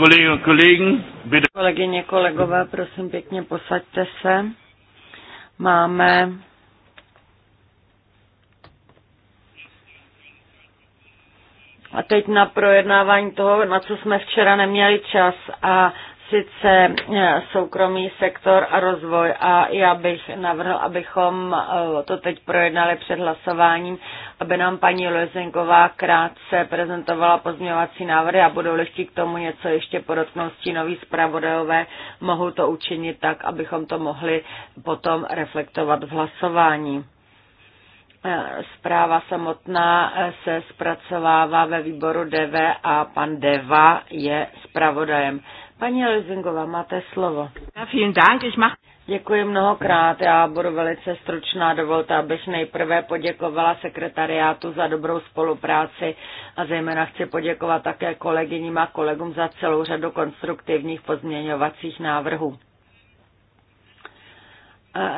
Kolegyně, kolegy, bitte. Kolegyně, kolegové, prosím pěkně, posaďte se. Máme A teď na projednávání toho, na co jsme včera neměli čas a sice eh, soukromý sektor a rozvoj a já bych navrhl, abychom eh, to teď projednali před hlasováním, aby nám paní Lezenková krátce prezentovala pozměňovací návrhy a budou-li k tomu něco ještě podotknout stínoví zpravodajové, mohou to učinit tak, abychom to mohli potom reflektovat v hlasování. Eh, zpráva samotná se zpracovává ve výboru DV a pan Deva je zpravodajem. Paní Lezingová, máte slovo. Děkuji mnohokrát, já budu velice stručná. Dovolte, abych nejprve poděkovala sekretariátu za dobrou spolupráci a zejména chci poděkovat také kolegyním a kolegům za celou řadu konstruktivních pozměňovacích návrhů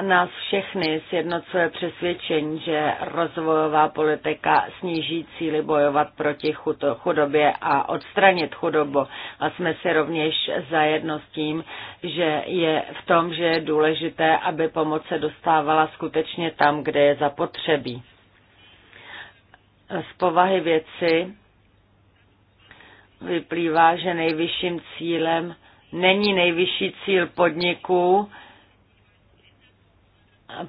nás všechny sjednocuje přesvědčení, že rozvojová politika sníží cíly bojovat proti chudobě a odstranit chudobu. A jsme si rovněž zajedno s tím, že je v tom, že je důležité, aby pomoc se dostávala skutečně tam, kde je zapotřebí. Z povahy věci vyplývá, že nejvyšším cílem není nejvyšší cíl podniků,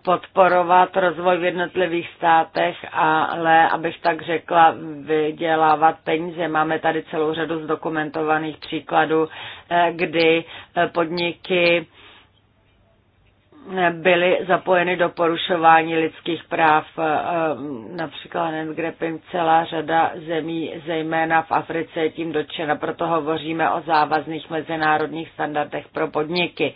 podporovat rozvoj v jednotlivých státech, ale abych tak řekla, vydělávat peníze. Máme tady celou řadu zdokumentovaných příkladů, eh, kdy eh, podniky eh, byly zapojeny do porušování lidských práv, například Nedgrepin, celá řada zemí, zejména v Africe, je tím dotčena. Proto hovoříme o závazných mezinárodních standardech pro podniky.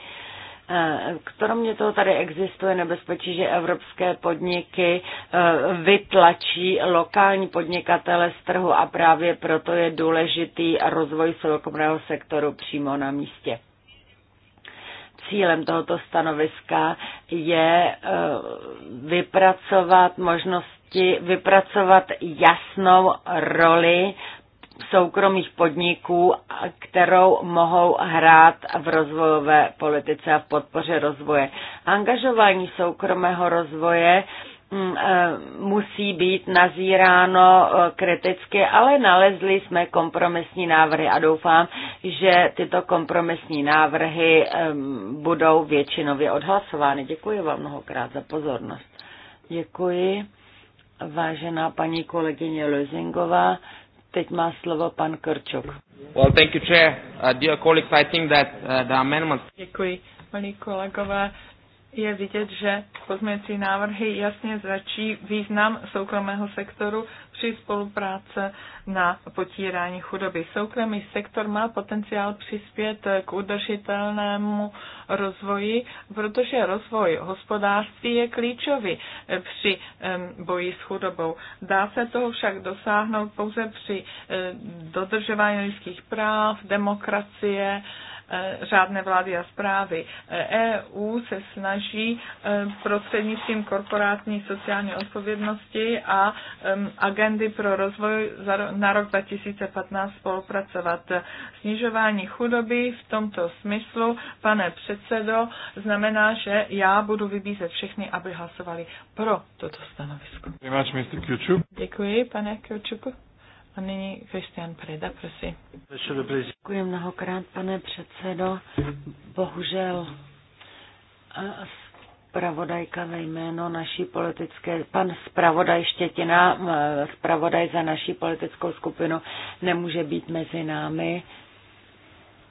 Eh, kromě toho tady existuje nebezpečí, že evropské podniky eh, vytlačí lokální podnikatele z trhu a právě proto je důležitý rozvoj soukromého sektoru přímo na místě. Cílem tohoto stanoviska je eh, vypracovat možnosti, vypracovat jasnou roli soukromých podniků, kterou mohou hrát v rozvojové politice a v podpoře rozvoje. Angažování soukromého rozvoje mm, eh, musí být nazíráno eh, kriticky, ale nalezli jsme kompromisní návrhy a doufám, že tyto kompromisní návrhy budou většinově odhlasovány. Děkuji vám mnohokrát za pozornost. Děkuji. Vážená paní kolegyně Lozingová, Teď má slovo pan Krčok. Well, thank you, Chair. Uh, dear colleagues, I think that uh, the amendments... Děkuji, paní kolegové je vidět, že pozměnící návrhy jasně zračí význam soukromého sektoru při spolupráce na potírání chudoby. Soukromý sektor má potenciál přispět k udržitelnému rozvoji, protože rozvoj hospodářství je klíčový při boji s chudobou. Dá se toho však dosáhnout pouze při dodržování lidských práv, demokracie, Eh, řádné vlády a zprávy. EU eh, e se snaží eh, prostřednictvím korporátní sociální odpovědnosti a agendy pro rozvoj na rok 2015 spolupracovat. Snižování chudoby v tomto smyslu, pane předsedo, znamená, že já budu vybízet všechny, aby hlasovali pro toto stanovisko. Děkuji, pane Kjučuku. A nyní Christian Preda, prosím. Děkuji mnohokrát, pane předsedo. Bohužel zpravodajka ve jméno naší politické, pan zpravodaj Štětina, e, zpravodaj za naší politickou skupinu, nemůže být mezi námi,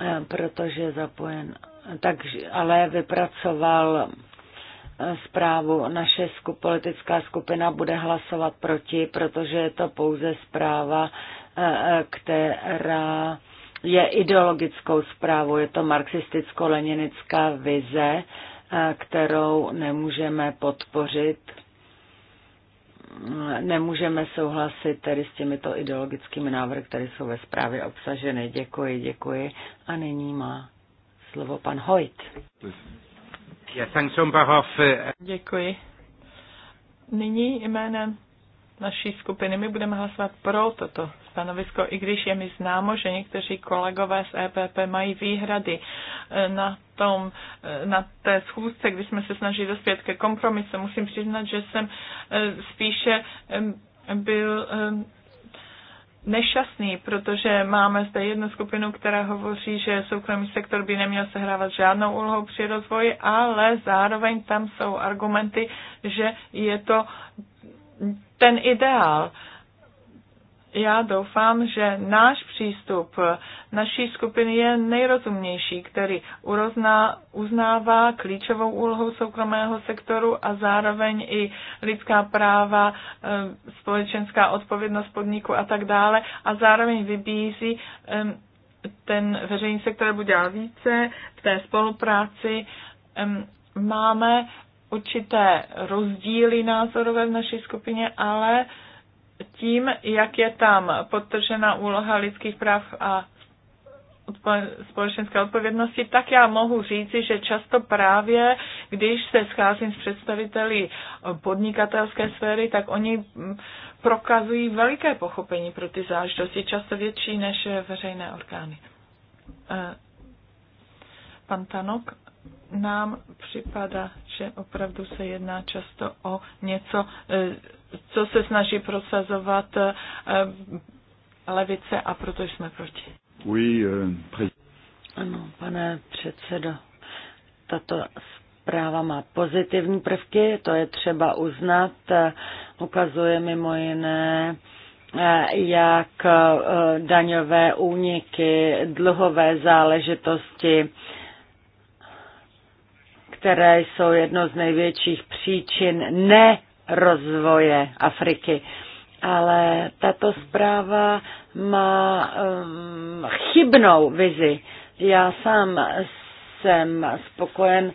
e, protože je zapojen. Takže, ale vypracoval zprávu. Naše politická skupina bude hlasovat proti, protože je to pouze zpráva, eh, která je ideologickou zprávou. Je to marxisticko-leninická vize, eh, kterou nemůžeme podpořit. Nemůžeme souhlasit tedy s těmito ideologickými návrhy, které jsou ve zprávě obsaženy. Děkuji, děkuji. A nyní má slovo pan Hojt. Please. Eh. Děkuji. Nyní jménem naší skupiny my budeme hlasovat pro toto stanovisko, i když je mi známo, že někteří kolegové z EPP mají výhrady eh, na tom, eh, na té schůzce, když jsme se snažili dospět ke kompromisu. Musím přiznat, že jsem spíše byl nešťastný, protože máme zde jednu skupinu, která hovoří, že soukromý sektor by neměl sehrávat žádnou úlohu při rozvoji, ale zároveň tam jsou argumenty, že je to ten ideál. Uh, já doufám, že náš přístup naší skupiny je nejrozumnější, který urozná, uznává klíčovou úlohu soukromého sektoru a zároveň i lidská práva, e, společenská odpovědnost podniku a tak dále a zároveň vybízí e, ten veřejný sektor bude dělat více v té spolupráci. E, máme určité rozdíly názorové v naší skupině, ale tím, jak je tam podtržena úloha lidských práv a společenské odpovědnosti, tak já mohu říci, že často právě, když se scházím s představiteli podnikatelské sféry, tak oni mm, prokazují veliké pochopení pro ty záležitosti, často větší než veřejné orgány. Eh, pan Tanok, nám připadá, že opravdu se jedná často o něco eh, co se snaží prosazovat eh, levice a proto jsme proti. Oui, euh, Ano, pane předsedo, tato zpráva má pozitivní prvky, to je třeba uznat. Eh, ukazuje mimo jiné, eh, jak daňové úniky, dluhové záležitosti, které jsou jedno z největších příčin ne rozvoje Afriky. Ale tato zpráva má um, chybnou vizi. Já sám jsem spokojen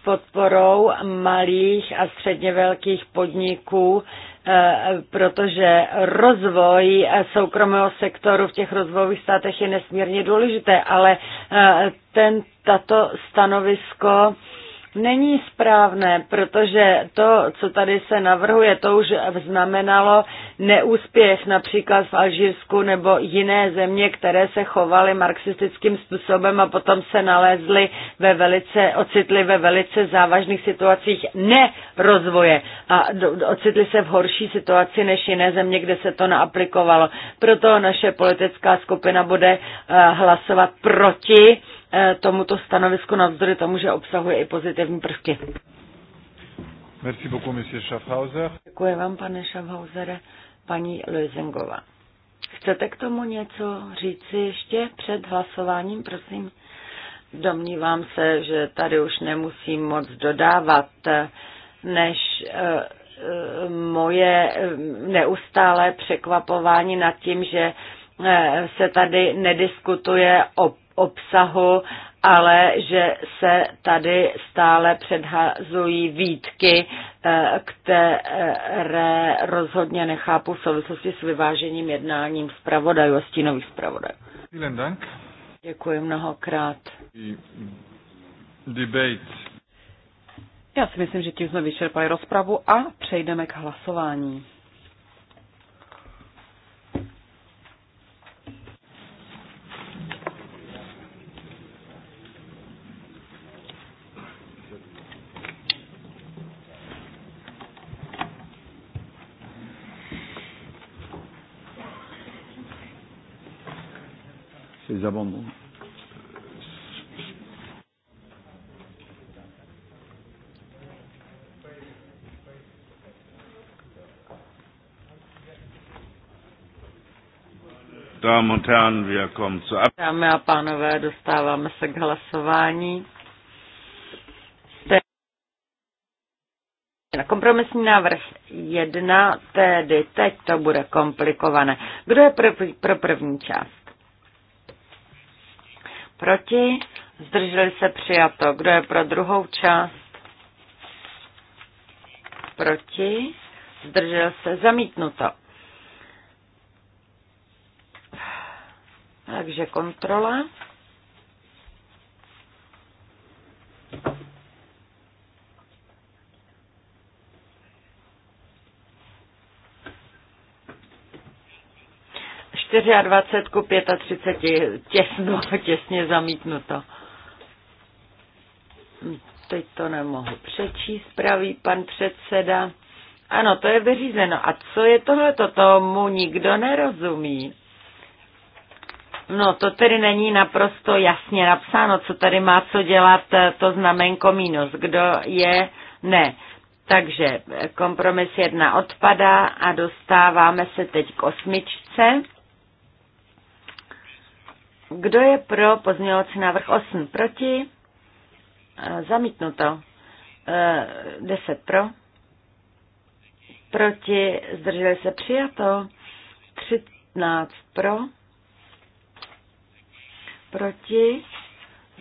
s podporou malých a středně velkých podniků, uh, protože rozvoj soukromého sektoru v těch rozvojových státech je nesmírně důležité, ale uh, ten, tato stanovisko není správné, protože to, co tady se navrhuje, to už znamenalo neúspěch například v Alžírsku nebo jiné země, které se chovaly marxistickým způsobem a potom se nalezly ve velice, ocitly ve velice závažných situacích nerozvoje a ocitly se v horší situaci než jiné země, kde se to naaplikovalo. Proto naše politická skupina bude eh, hlasovat proti Eh, tomuto stanovisku navzdory tomu, že obsahuje i pozitivní prvky. Merci beaucoup, monsieur Schaffhauser. Děkuji vám, pane Schaffhausere. Paní Lösingová. Chcete k tomu něco říci ještě před hlasováním, prosím? Domnívám se, že tady už nemusím moc dodávat, než eh, moje eh, neustálé překvapování nad tím, že se tady nediskutuje o obsahu, ale že se tady stále předhazují výtky, eh, které rozhodně nechápu v souvislosti s vyvážením jednáním zpravodajů a stínových zpravodajů. Děkuji mnohokrát. Debate. Já si myslím, že tím jsme vyčerpali rozpravu a přejdeme k hlasování. ces amendements. Dámy a pánové, dostáváme se k hlasování. Na kompromisní návrh jedna, tedy teď to bude komplikované. Kdo je pro, pro první část? Proti? Zdrželi se přijato. Kdo je pro druhou část? Proti? Zdržel se zamítnuto. Takže kontrola. 24 ku 35 těsno, těsně zamítnuto. Teď to nemohu přečíst, pravý pan předseda. Ano, to je vyřízeno. A co je tohle? Tomu nikdo nerozumí. No, to tedy není naprosto jasně napsáno, co tady má co dělat to znamenko minus. Kdo je? Ne. Takže kompromis jedna odpadá a dostáváme se teď k osmičce. Kdo je pro pozměňovací návrh 8? Proti? Eh, zamítnuto. 10 eh, pro. Proti? Zdrželi se přijato. 13 pro. Proti?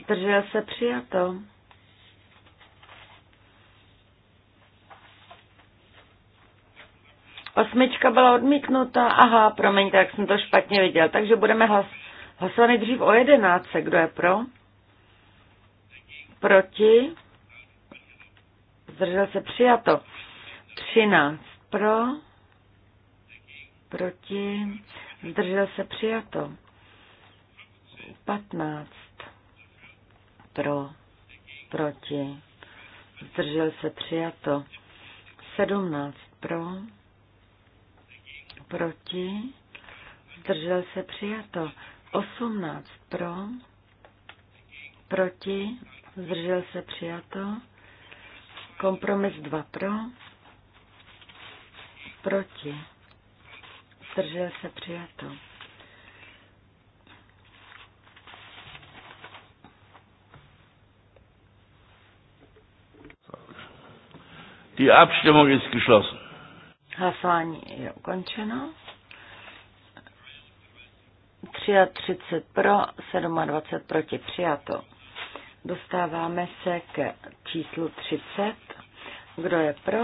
Zdržel se přijato. Osmička byla odmítnuta. Aha, promiňte, tak jsem to špatně viděl. Takže budeme hlasovat Hlasujeme nejdřív o jedenáctce. Kdo je pro? Proti? Zdržel se přijato. Třináct pro? Proti? Zdržel se přijato. Patnáct pro? Proti? Zdržel se přijato. Sedmnáct pro? Proti? Zdržel se přijato. 18 pro, proti, zdržel se přijato. Kompromis 2 pro, proti, zdržel se přijato. Die Abstimmung ist geschlossen. Hlasování je ukončeno. 30 pro, 27 proti přijato. Dostáváme se k číslu 30. Kdo je pro?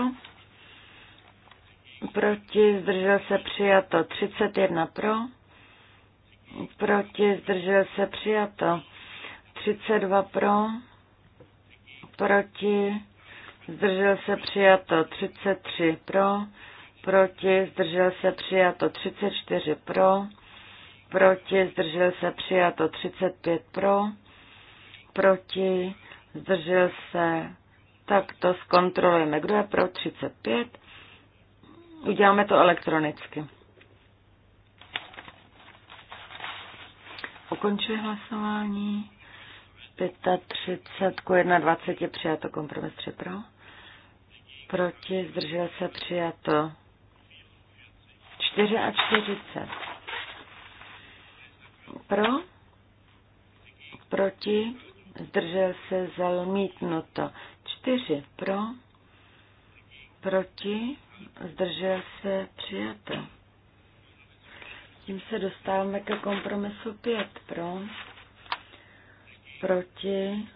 Proti zdržel se přijato 31 pro. Proti zdržel se přijato 32 pro. Proti zdržel se přijato 33 pro. Proti zdržel se přijato 34 pro proti, zdržel se přijato 35 pro, proti, zdržel se, tak to zkontrolujeme. Kdo je pro 35? Uděláme to elektronicky. Ukončuje hlasování. 35 k 21 přijato kompromis 3 pro. Proti zdržel se přijato 44 pro, proti, zdržel se zamítnuto. čtyři. pro, proti, zdržel se přijato. Tím se dostáváme ke kompromisu pět. pro, proti,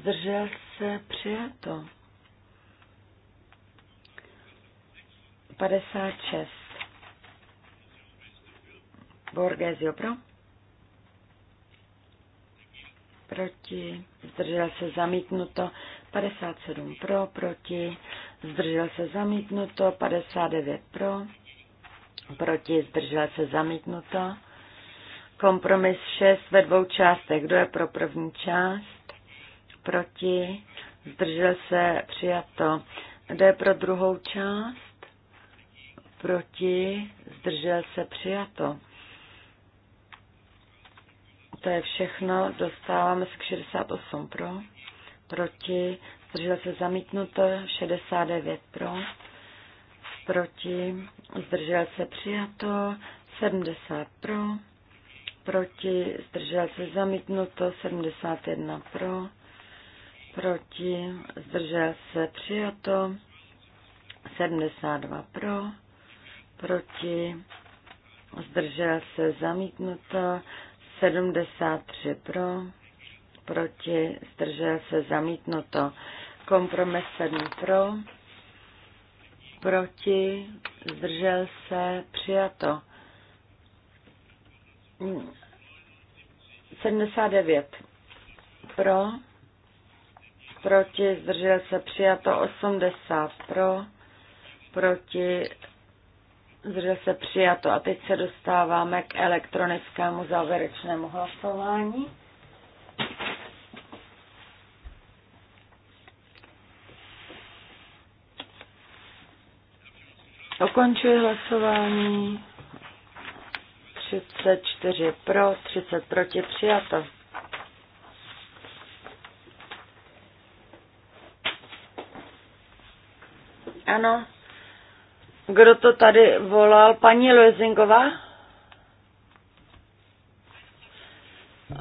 zdržel se přijato. 56 Borgesio pro. Proti. Zdržel se zamítnuto. 57 pro. Proti. Zdržel se zamítnuto. 59 pro. Proti. Zdržel se zamítnuto. Kompromis 6 ve dvou částech. Kdo je pro první část? Proti. Zdržel se přijato. Kdo je pro druhou část? Proti. Zdržel se přijato. To je všechno. Dostáváme se k 68 pro. Proti. Zdržel se zamítnuto. 69 pro. Proti. Zdržel se přijato. 70 pro. Proti. Zdržel se zamítnuto. 71 pro. Proti. Zdržel se přijato. 72 pro. Proti. Zdržel se zamítnuto. 73 pro, proti, zdržel se zamítnuto. Kompromis 7 pro, proti, zdržel se přijato. 79 pro, proti, zdržel se přijato 80 pro, proti, zdržel se přijato. A teď se dostáváme k elektronickému závěrečnému hlasování. Ukončuji hlasování. 34 pro, 30 proti, přijato. Ano, kdo to tady volal? Paní Lezingová?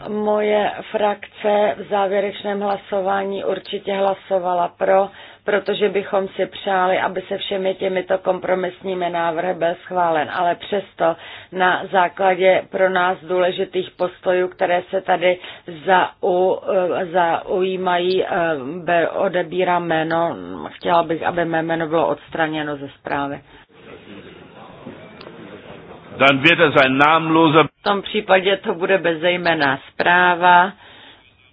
Moje frakce v závěrečném hlasování určitě hlasovala pro protože bychom si přáli, aby se všemi těmito kompromisními návrhy byl schválen. Ale přesto na základě pro nás důležitých postojů, které se tady zau, eh, zaujímají, eh, odebírám jméno. Chtěla bych, aby mé jméno bylo odstraněno ze zprávy. V tom případě to bude bezejmená zpráva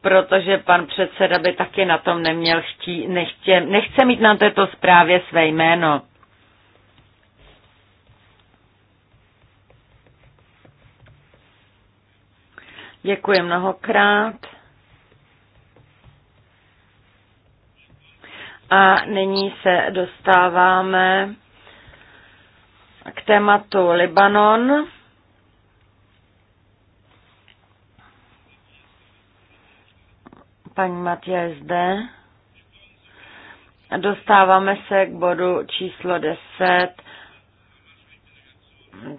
protože pan předseda by taky na tom neměl chtí, nechtě, nechce mít na této zprávě své jméno. Děkuji mnohokrát. A nyní se dostáváme k tématu Libanon. Paní Matěj zde. Dostáváme se k bodu číslo 10.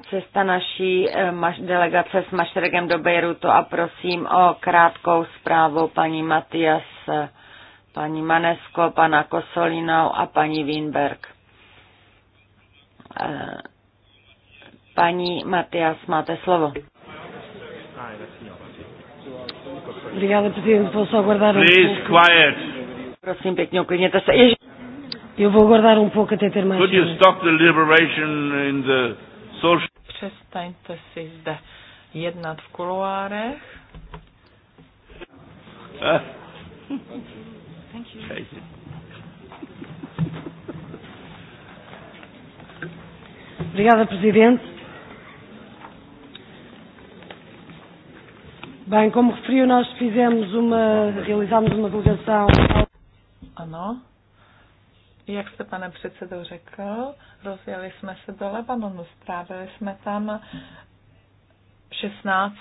Cesta naší eh, delegace s Mašregem do Bejrutu a prosím o krátkou zprávu paní Matias, paní Manesko, pana Kosolinou a paní Winberg. Eh, paní Matias, máte slovo. Obrigada, Presidente. Vou só aguardar um Please, pouco. quiet. Prosím, pěkně, uklidněte se. Eu vou aguardar um pouco até ter mais... Could you stop the liberation in the social... Přestaňte si zde jednat v kuloárech. Eh? Thank you. Thank you. Obrigada, Presidente. Bem, como referiu, nós fizemos uma, realizámos uma delegação. Ano. Jak jste, pane předsedo, řekl, rozjeli jsme se do Lebanonu, strávili jsme tam 16.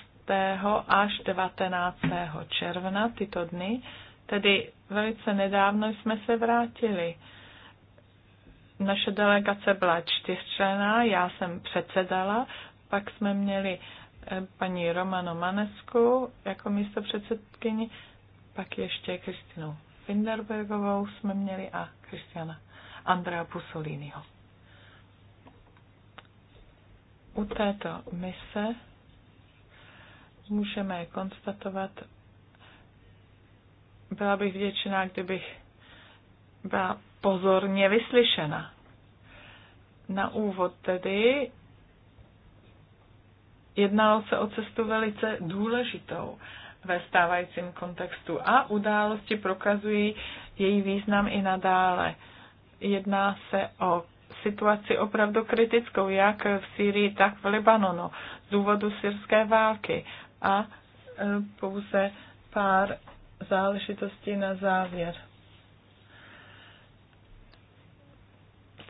až 19. června tyto dny, tedy velice nedávno jsme se vrátili. Naše delegace byla čtyřčlená, já jsem předsedala, pak jsme měli paní Romano Manesku jako místo předsedkyni, pak ještě Kristinu Finderbergovou jsme měli a Kristiana Andrea Pusolínyho. U této mise můžeme konstatovat, byla bych vděčná, kdybych byla pozorně vyslyšena. Na úvod tedy jednalo se o cestu velice důležitou ve stávajícím kontextu a události prokazují její význam i nadále. Jedná se o situaci opravdu kritickou, jak v Sýrii, tak v Libanonu, z důvodu syrské války a e, pouze pár záležitostí na závěr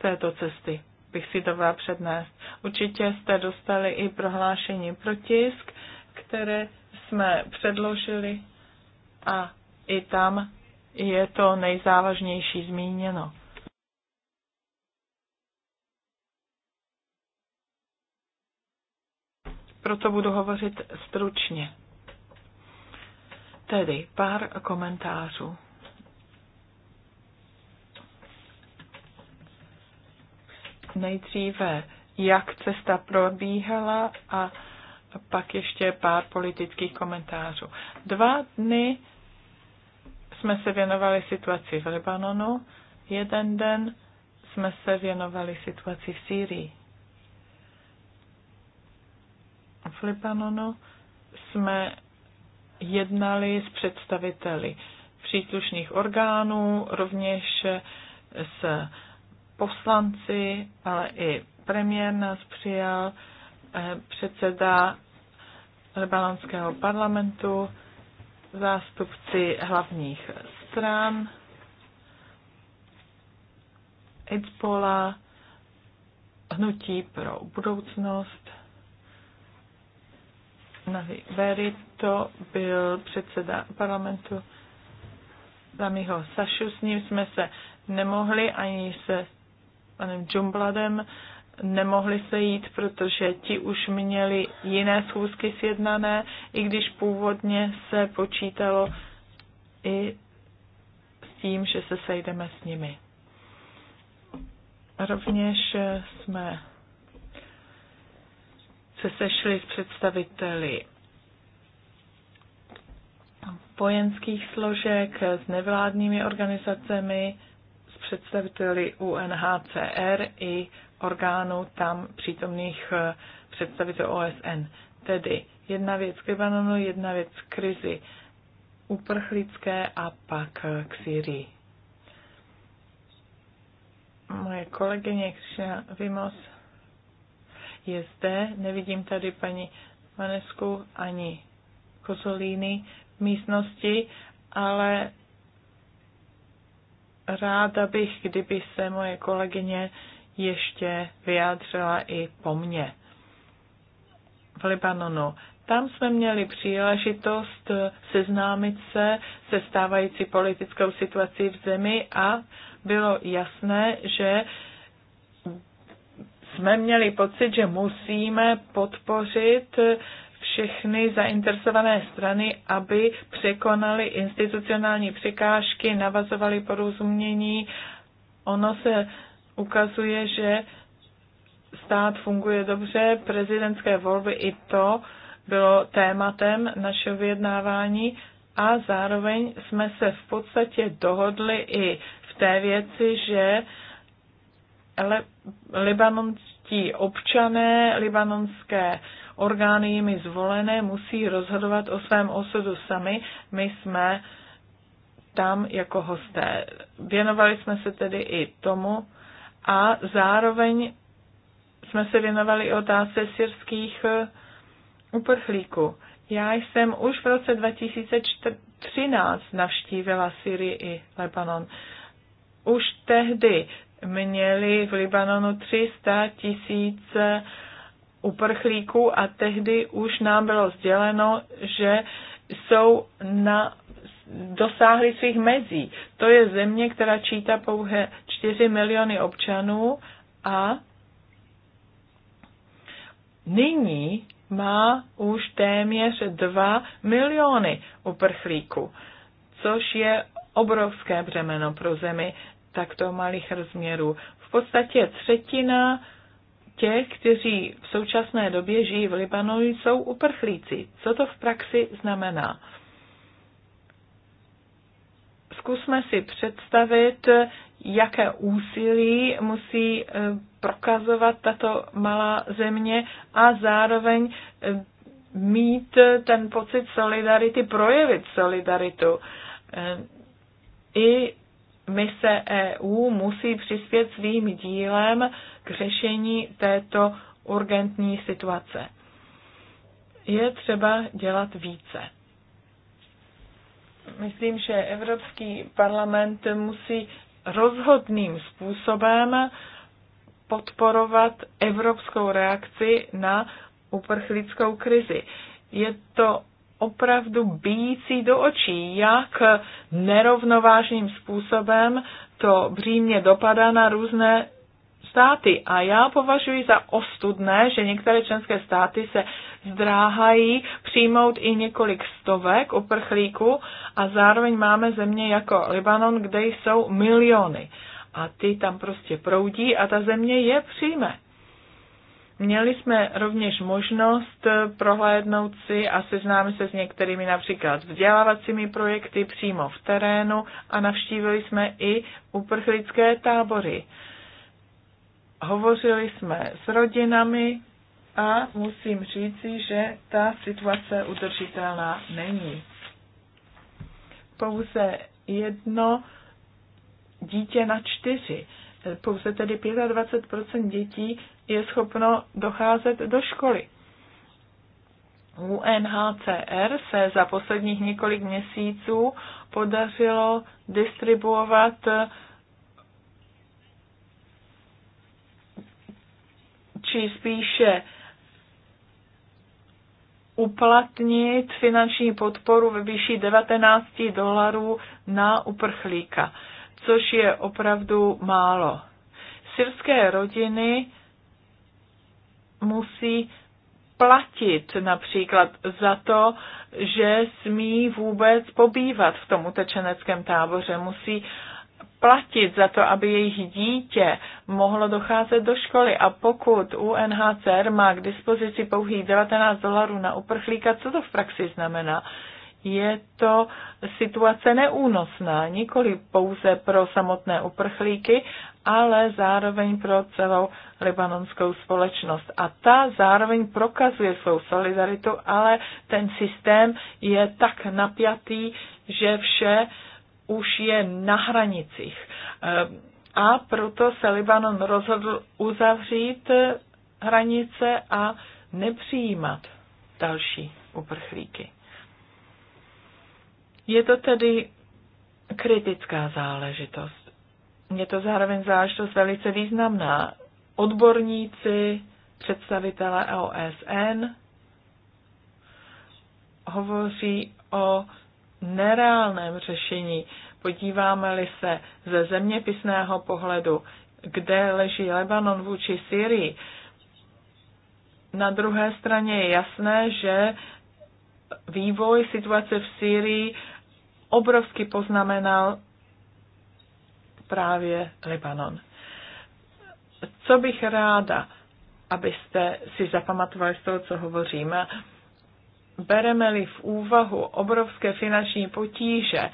této cesty bych si dovolila přednést. Určitě jste dostali i prohlášení pro tisk, které jsme předložili a i tam je to nejzávažnější zmíněno. Proto budu hovořit stručně. Tedy pár komentářů. nejdříve, jak cesta probíhala a pak ještě pár politických komentářů. Dva dny jsme se věnovali situaci v Libanonu, jeden den jsme se věnovali situaci v Sýrii. V Libanonu jsme jednali s představiteli příslušných orgánů, rovněž s poslanci, ale i premiér nás přijal, eh, předseda rebalanského parlamentu, zástupci hlavních stran, Hezbola, Hnutí pro budoucnost, Navi veri, to byl předseda parlamentu Samiho Sašu, s ním jsme se nemohli ani se panem Džumbladem nemohli se jít, protože ti už měli jiné schůzky sjednané, i když původně se počítalo i s tím, že se sejdeme s nimi. Rovněž jsme se sešli s představiteli vojenských složek, s nevládními organizacemi, představiteli UNHCR i orgánů tam přítomných eh, představitelů OSN. Tedy jedna věc k Libanonu, jedna věc k krizi uprchlické a pak eh, k Syrii. Moje kolegyně Křišina Vimos je zde, nevidím tady paní Manesku ani Kozolíny v místnosti, ale Ráda bych, kdyby se moje kolegyně ještě vyjádřila i po mně v Libanonu. Tam jsme měli příležitost seznámit se se stávající politickou situací v zemi a bylo jasné, že jsme měli pocit, že musíme podpořit všechny zainteresované strany, aby překonali institucionální překážky, navazovali porozumění. Ono se ukazuje, že stát funguje dobře, prezidentské volby i to bylo tématem našeho vyjednávání a zároveň jsme se v podstatě dohodli i v té věci, že ale Libanon ti občané libanonské orgány jimi zvolené musí rozhodovat o svém osudu sami. My jsme tam jako hosté. Věnovali jsme se tedy i tomu a zároveň jsme se věnovali i otázce syrských eh, uprchlíků. Já jsem už v roce 2013 navštívila Syrii i Lebanon. Už tehdy měli v Libanonu 300 tisíc uprchlíků a tehdy už nám bylo sděleno, že jsou na, dosáhli svých mezí. To je země, která čítá pouhé 4 miliony občanů a nyní má už téměř 2 miliony uprchlíků, což je obrovské břemeno pro zemi takto malých rozměrů. V podstatě třetina těch, kteří v současné době žijí v Libanonu, jsou uprchlíci. Co to v praxi znamená? Zkusme si představit, jaké úsilí musí eh, prokazovat tato malá země a zároveň eh, mít ten pocit solidarity, projevit solidaritu. Eh, I mise EU musí přispět svým dílem k řešení této urgentní situace. Je třeba dělat více. Myslím, že Evropský parlament musí rozhodným způsobem podporovat evropskou reakci na uprchlickou krizi. Je to opravdu bíjící do očí, jak nerovnovážným způsobem to břímě dopadá na různé státy. A já považuji za ostudné, že některé členské státy se zdráhají přijmout i několik stovek uprchlíků a zároveň máme země jako Libanon, kde jsou miliony. A ty tam prostě proudí a ta země je přijme. Měli jsme rovněž možnost eh, prohlédnout si a seznámit se s některými například vzdělávacími projekty přímo v terénu a navštívili jsme i uprchlické tábory. Hovořili jsme s rodinami a musím říci, že ta situace udržitelná není. Pouze jedno dítě na čtyři eh, pouze tedy 25 dětí je schopno docházet do školy. UNHCR se za posledních několik měsíců podařilo distribuovat či spíše uplatnit finanční podporu ve výši 19 dolarů na uprchlíka, což je opravdu málo. Syrské rodiny musí platit například za to, že smí vůbec pobývat v tom utečeneckém táboře. Musí platit za to, aby jejich dítě mohlo docházet do školy. A pokud UNHCR má k dispozici pouhých 19 dolarů na uprchlíka, co to v praxi znamená? Je to situace neúnosná, nikoli pouze pro samotné uprchlíky, ale zároveň pro celou libanonskou společnost. A ta zároveň prokazuje svou solidaritu, ale ten systém je tak napjatý, že vše už je na hranicích. Ehm, a proto se Libanon rozhodl uzavřít eh, hranice a nepřijímat další uprchlíky. Je to tedy kritická záležitost je to zároveň záležitost velice významná. Odborníci, představitelé OSN hovoří o nereálném řešení. Podíváme-li se ze zeměpisného pohledu, kde leží Lebanon vůči Syrii, na druhé straně je jasné, že vývoj situace v Syrii obrovsky poznamenal právě Libanon. Co bych ráda, abyste si zapamatovali z toho, co hovoříme, bereme-li v úvahu obrovské finanční potíže,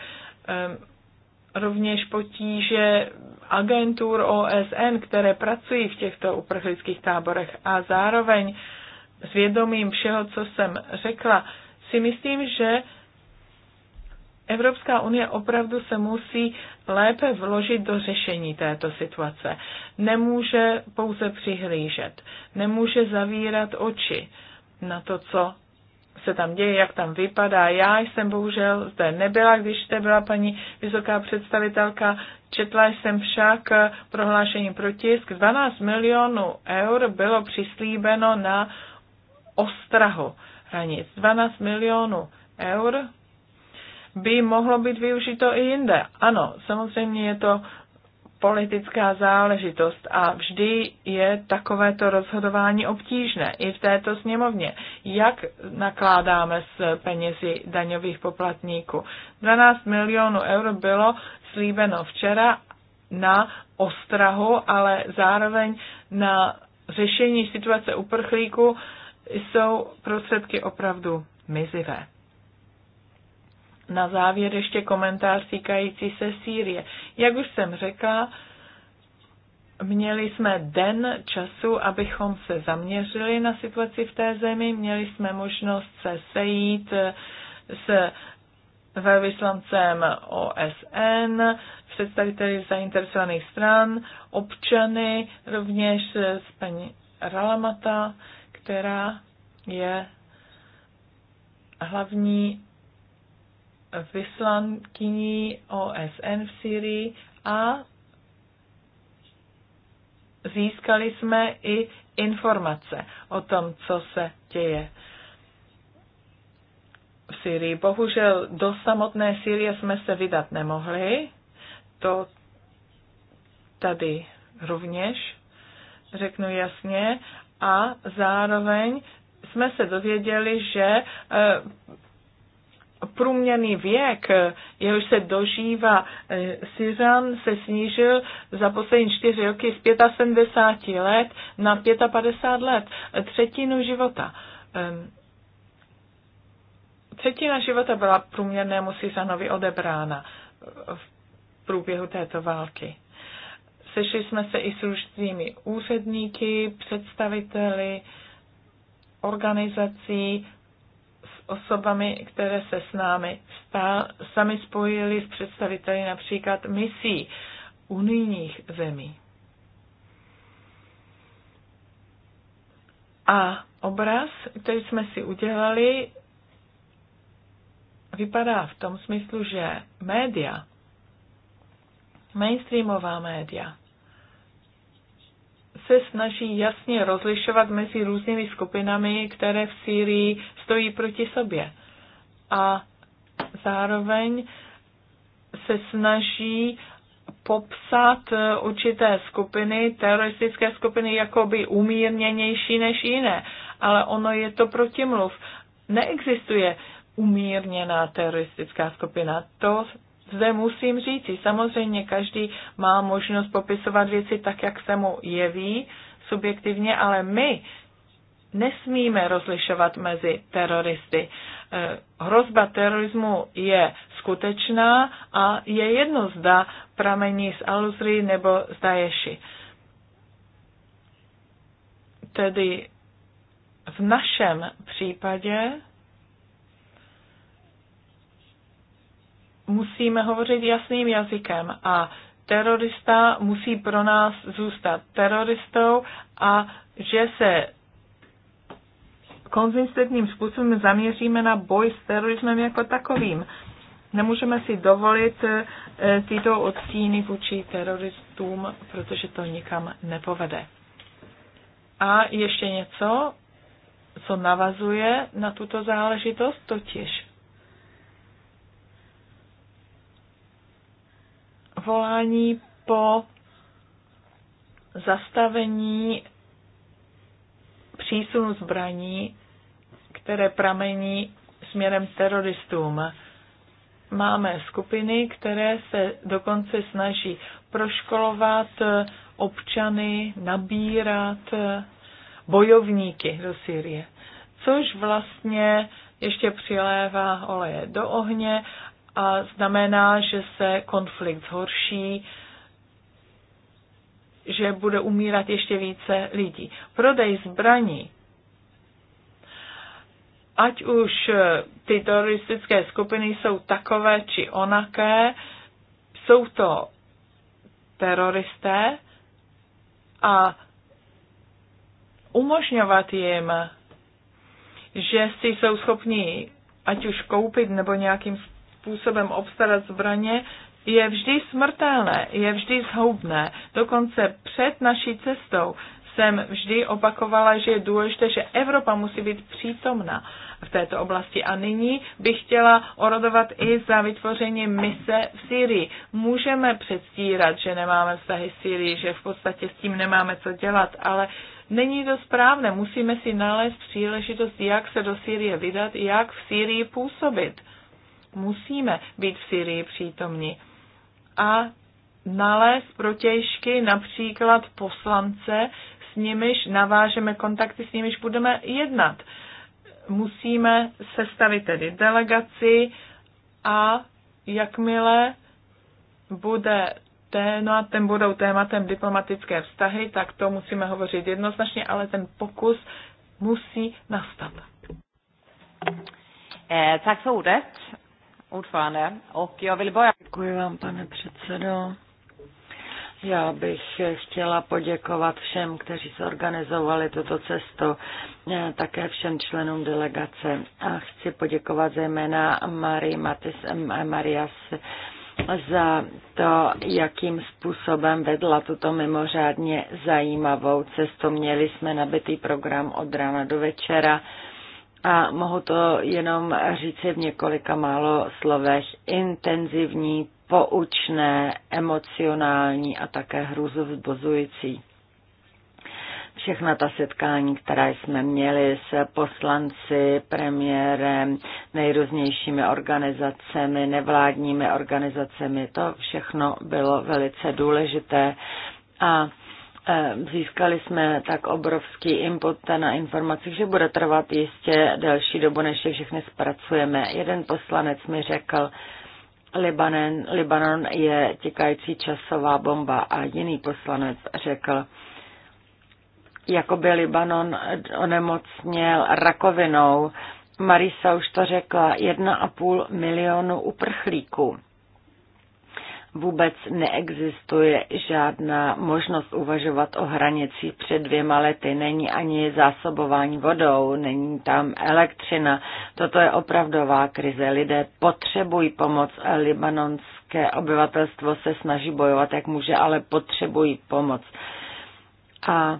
rovněž potíže agentur OSN, které pracují v těchto uprchlických táborech a zároveň s vědomím všeho, co jsem řekla, si myslím, že Evropská unie opravdu se musí lépe vložit do řešení této situace. Nemůže pouze přihlížet, nemůže zavírat oči na to, co se tam děje, jak tam vypadá. Já jsem bohužel zde nebyla, když jste byla paní vysoká představitelka. Četla jsem však prohlášení pro tisk. 12 milionů eur bylo přislíbeno na ostrahu hranic. 12 milionů eur by mohlo být využito i jinde. Ano, samozřejmě je to politická záležitost a vždy je takovéto rozhodování obtížné i v této sněmovně. Jak nakládáme s penězi daňových poplatníků? 12 milionů euro bylo slíbeno včera na ostrahu, ale zároveň na řešení situace uprchlíků jsou prostředky opravdu mizivé na závěr ještě komentář týkající se Sýrie. Jak už jsem řekla, Měli jsme den času, abychom se zaměřili na situaci v té zemi, měli jsme možnost se sejít s velvyslancem OSN, představiteli zainteresovaných stran, občany, rovněž s paní Ralamata, která je hlavní vyslankyní OSN v Syrii a získali jsme i informace o tom, co se děje v Syrii. Bohužel do samotné Syrie jsme se vydat nemohli. To tady rovněž řeknu jasně. A zároveň jsme se dověděli, že eh, průměrný věk, jehož se dožívá eh, Syřan, se snížil za poslední čtyři roky z 75 let na 55 let, třetinu života. Ehm, třetina života byla průměrnému Syřanovi odebrána v průběhu této války. Sešli jsme se i s různými úředníky, představiteli organizací, osobami, které se s námi stál, sami spojili s představiteli například misí unijních zemí. A obraz, který jsme si udělali, vypadá v tom smyslu, že média, mainstreamová média, se snaží jasně rozlišovat mezi různými skupinami, které v Sýrii stojí proti sobě. A zároveň se snaží popsat určité skupiny, teroristické skupiny, jako by umírněnější než jiné. Ale ono je to protimluv. Neexistuje umírněná teroristická skupina. To zde musím říci, samozřejmě každý má možnost popisovat věci tak, jak se mu jeví subjektivně, ale my nesmíme rozlišovat mezi teroristy. Eh, hrozba terorismu je skutečná a je jedno, zda pramení z Aluzry nebo z Daješi. Tedy v našem případě musíme hovořit jasným jazykem a terorista musí pro nás zůstat teroristou a že se konzistentním způsobem zaměříme na boj s terorismem jako takovým. Nemůžeme si dovolit eh, tyto odstíny vůči teroristům, protože to nikam nepovede. A ještě něco, co navazuje na tuto záležitost, totiž volání po zastavení přísunu zbraní, které pramení směrem teroristům. Máme skupiny, které se dokonce snaží proškolovat eh, občany, nabírat eh, bojovníky do Syrie. Což vlastně ještě přilévá oleje do ohně a znamená, že se konflikt zhorší, že bude umírat ještě více lidí. Prodej zbraní, ať už ty teroristické skupiny jsou takové či onaké, jsou to teroristé a umožňovat jim, že si jsou schopni ať už koupit nebo nějakým způsobem obstarat zbraně, je vždy smrtelné, je vždy zhoubné. Dokonce před naší cestou jsem vždy opakovala, že je důležité, že Evropa musí být přítomna v této oblasti. A nyní bych chtěla orodovat i za vytvoření mise v Syrii. Můžeme předstírat, že nemáme vztahy v Syrii, že v podstatě s tím nemáme co dělat, ale není to správné. Musíme si nalézt příležitost, jak se do Syrie vydat, jak v Syrii působit musíme být v Syrii přítomni a nalézt protějšky, například poslance, s nimiž navážeme kontakty, s nimiž budeme jednat. Musíme sestavit tedy delegaci a jakmile bude ten budou tématem diplomatické vztahy, tak to musíme hovořit jednoznačně, ale ten pokus musí nastat. Eh, tak för ordet ordförande och jag vill börja... Děkuji vám, pane předsedo. Já bych chtěla poděkovat všem, kteří se organizovali cesto, eh, také všem členům delegace. A chci poděkovat zejména Marie Matis, eh, Marias za to, jakým způsobem vedla tuto mimořádně zajímavou cestu. Měli jsme nabitý program od rána do večera a mohu to jenom říci v několika málo slovech. Intenzivní, poučné, emocionální a také hruzu Všechna ta setkání, která jsme měli s poslanci, premiérem, nejrůznějšími organizacemi, nevládními organizacemi, to všechno bylo velice důležité. A Eh, získali jsme tak obrovský input na informacích, že bude trvat jistě delší dobu, než je všechny zpracujeme. Jeden poslanec mi řekl, Libanon, Libanon je tikající časová bomba a jiný poslanec řekl, jakoby Libanon onemocněl rakovinou. Marisa už to řekla, jedna a půl milionu uprchlíků vůbec neexistuje žádná možnost uvažovat o hranicích před dvěma lety. Není ani zásobování vodou, není tam elektřina. Toto je opravdová krize. Lidé potřebují pomoc. Libanonské obyvatelstvo se snaží bojovat, jak může, ale potřebují pomoc. A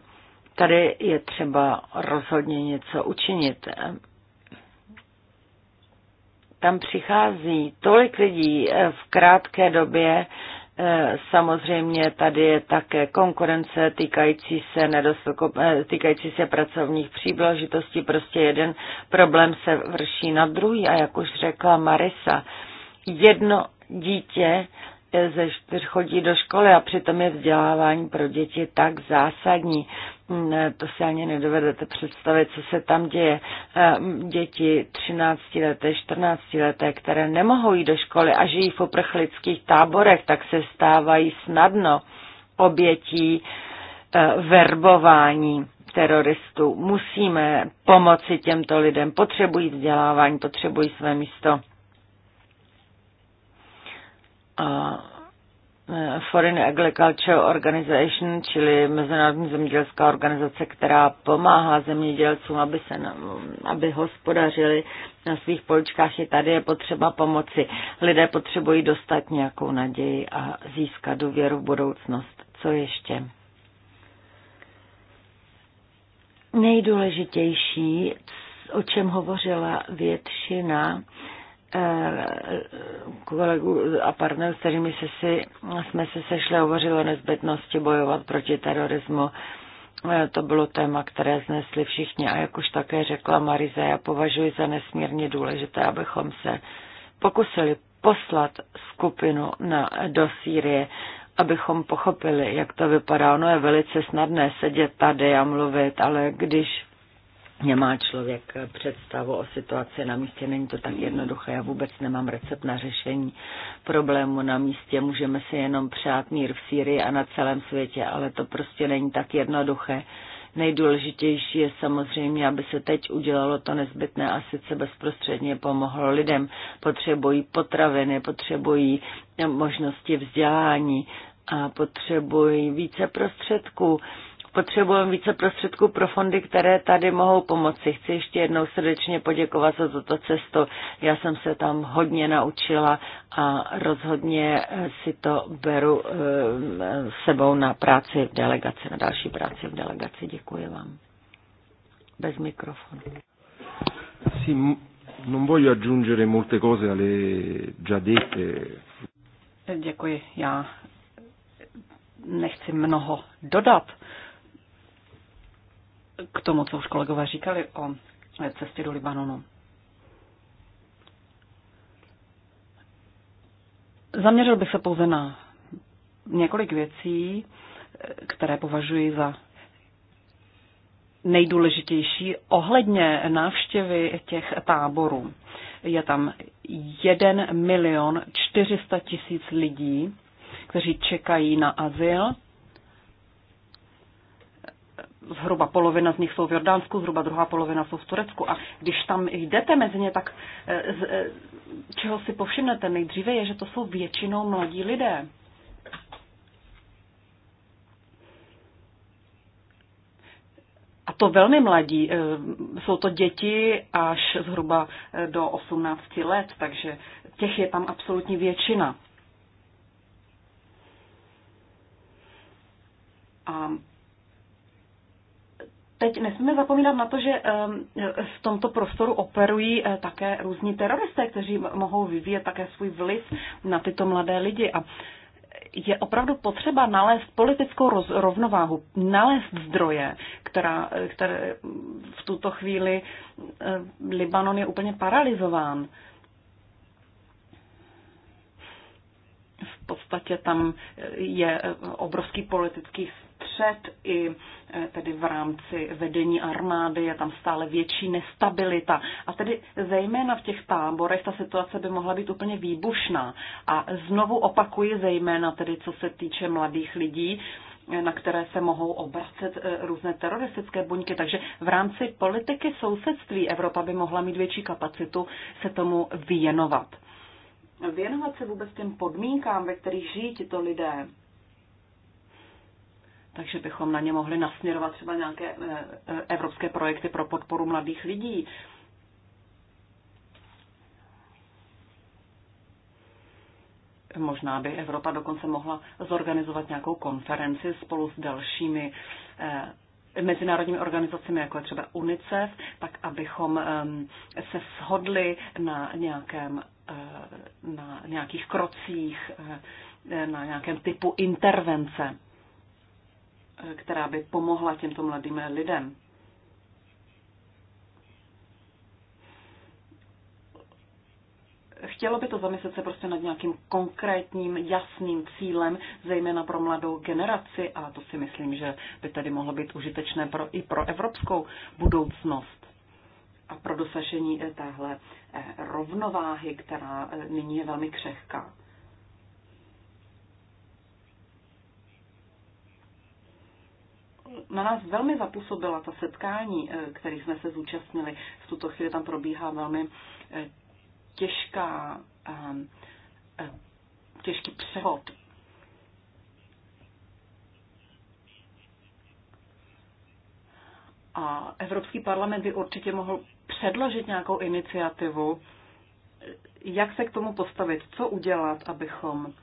tady je třeba rozhodně něco učinit tam přichází tolik lidí eh, v krátké době, eh, Samozřejmě tady je také konkurence týkající se, nedostatku, eh, týkající se pracovních příležitostí. Prostě jeden problém se vrší na druhý. A jak už řekla Marisa, jedno dítě ze čtyř chodí do školy a přitom je vzdělávání pro děti tak zásadní. Mm, to si ani nedovedete představit, co se tam děje. Eh, děti 13 leté, 14 leté, které nemohou jít do školy a žijí v uprchlických táborech, tak se stávají snadno obětí eh, verbování teroristů. Musíme pomoci těmto lidem, potřebují vzdělávání, potřebují své místo E, Foreign Agriculture Organization, čili Mezinárodní zemědělská organizace, která pomáhá zemědělcům, aby, se, aby hospodařili na svých poličkách, i tady je potřeba pomoci. Lidé potřebují dostat nějakou naději a získat důvěru v budoucnost. Co ještě? Nejdůležitější, o čem hovořila většina, Eh, kolegu a partnerů, s kterými se si, jsme se sešli, hovořili o nezbytnosti bojovat proti terorismu. Eh, to bylo téma, které znesli všichni a jak už také řekla Marize, já považuji za nesmírně důležité, abychom se pokusili poslat skupinu na, do Sýrie, abychom pochopili, jak to vypadá. Ono je velice snadné sedět tady a mluvit, ale když nemá člověk představu o situaci na místě. Není to tak jednoduché. Já vůbec nemám recept na řešení problému na místě. Můžeme se jenom přát mír v Sýrii a na celém světě, ale to prostě není tak jednoduché. Nejdůležitější je samozřejmě, aby se teď udělalo to nezbytné a sice bezprostředně pomohlo lidem. Potřebují potraviny, potřebují možnosti vzdělání a potřebují více prostředků potřebujeme více prostředků pro fondy, které tady mohou pomoci. Chci ještě jednou srdečně poděkovat za toto cestu. Já jsem se tam hodně naučila a rozhodně si to beru eh, sebou na práci v delegaci, na další práci v delegaci. Děkuji vám. Bez mikrofonu. Sì, non voglio aggiungere molte cose alle già dette. Děkuji. Já nechci mnoho dodat k tomu, co už kolegové říkali o cestě do Libanonu. Zaměřil bych se pouze na několik věcí, které považuji za nejdůležitější ohledně návštěvy těch táborů. Je tam 1 milion 400 tisíc lidí, kteří čekají na azyl zhruba polovina z nich jsou v Jordánsku, zhruba druhá polovina jsou v Turecku. A když tam jdete mezi ně, tak eh, z, eh, čeho si povšimnete nejdříve je, že to jsou většinou mladí lidé. A to velmi mladí. Eh, jsou to děti až zhruba do 18 let, takže těch je tam absolutní většina. A teď nesmíme zapomínat na to, že ehm, v tomto prostoru operují eh, také různí teroristé, kteří mohou vyvíjet také svůj vliv na tyto mladé lidi. A je opravdu potřeba nalézt politickou roz, rovnováhu, nalézt zdroje, která, eh, které mm, v tuto chvíli eh, Libanon je úplně paralizován. V podstatě tam je obrovský politický před i e, tedy v rámci vedení armády je tam stále větší nestabilita. A tedy zejména v těch táborech ta situace by mohla být úplně výbušná. A znovu opakuji zejména tedy, co se týče mladých lidí, e, na které se mohou obracet e, různé teroristické buňky. Takže v rámci politiky sousedství Evropa by mohla mít větší kapacitu se tomu věnovat. Věnovat se vůbec těm podmínkám, ve kterých žijí tito lidé, takže bychom na ně mohli nasměrovat třeba nějaké eh, eh, evropské projekty pro podporu mladých lidí. Možná by Evropa dokonce mohla zorganizovat nějakou konferenci spolu s dalšími eh, mezinárodními organizacemi, jako je třeba UNICEF, tak abychom ehm, se shodli na, nějakém, na nějakých krocích, na nějakém typu intervence která by pomohla těmto mladým lidem. Chtělo by to zamyslet se prostě nad nějakým konkrétním, jasným cílem, zejména pro mladou generaci, a to si myslím, že by tady mohlo být užitečné pro, i pro evropskou budoucnost a pro dosažení e, téhle e, rovnováhy, která e, nyní je velmi křehká. na nás velmi zapůsobila ta setkání, eh, kterých jsme se zúčastnili. V tuto chvíli tam probíhá velmi eh, těžká, ehm, eh, těžký přehod. A Evropský parlament by určitě mohl předložit nějakou iniciativu, jak se k tomu postavit, co udělat, abychom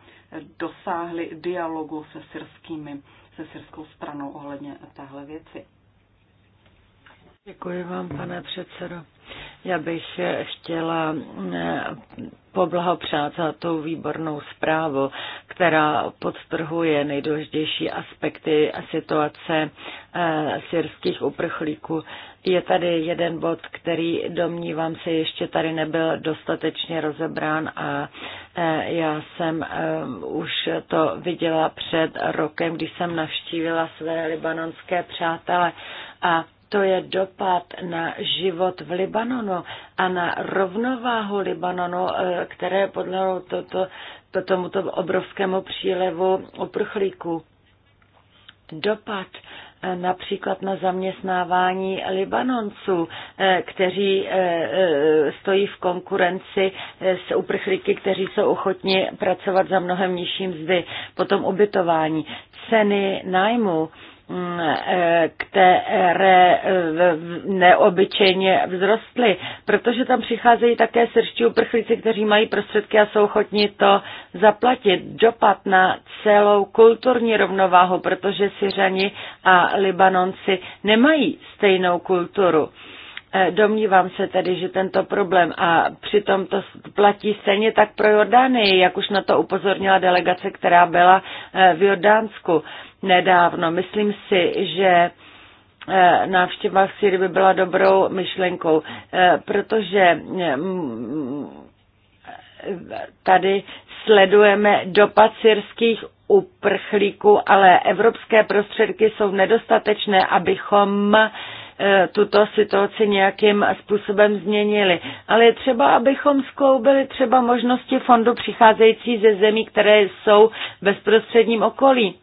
dosáhli dialogu se syrskými se syrskou stranou ohledně téhle věci. Děkuji vám, pane předsedo. Já bych chtěla eh, poblahopřát za tu výbornou zprávu, která podtrhuje nejdůležitější aspekty a situace eh, syrských uprchlíků. Je tady jeden bod, který domnívám se ještě tady nebyl dostatečně rozebrán a eh, já jsem už to viděla před rokem, když jsem navštívila své libanonské přátele a to je dopad na život v Libanonu a na rovnováhu Libanonu, eh, které podle to, to, tomuto obrovskému přílevu uprchlíků. Dopad eh, například na zaměstnávání Libanonců, eh, kteří stojí v konkurenci s uprchlíky, kteří jsou ochotni pracovat za mnohem nižší mzdy, potom ubytování, ceny nájmu, které eh, neobyčejně vzrostly, protože tam přicházejí také srští uprchlíci, kteří mají prostředky a jsou chodní to zaplatit. Dopad na celou kulturní rovnováhu, protože Syřani a Libanonci nemají stejnou kulturu. Eh, domnívám se tedy, že tento problém a přitom to platí stejně tak pro Jordány, jak už na to upozornila delegace, která byla eh, v Jordánsku nedávno. Myslím si, že eh, návštěva v Syrii by byla dobrou myšlenkou, eh, protože mm, tady sledujeme dopad syrských uprchlíků, ale evropské prostředky jsou nedostatečné, abychom eh, tuto situaci nějakým způsobem změnili. Ale je třeba, abychom skloubili třeba možnosti fondu přicházející ze zemí, které jsou bezprostředním okolí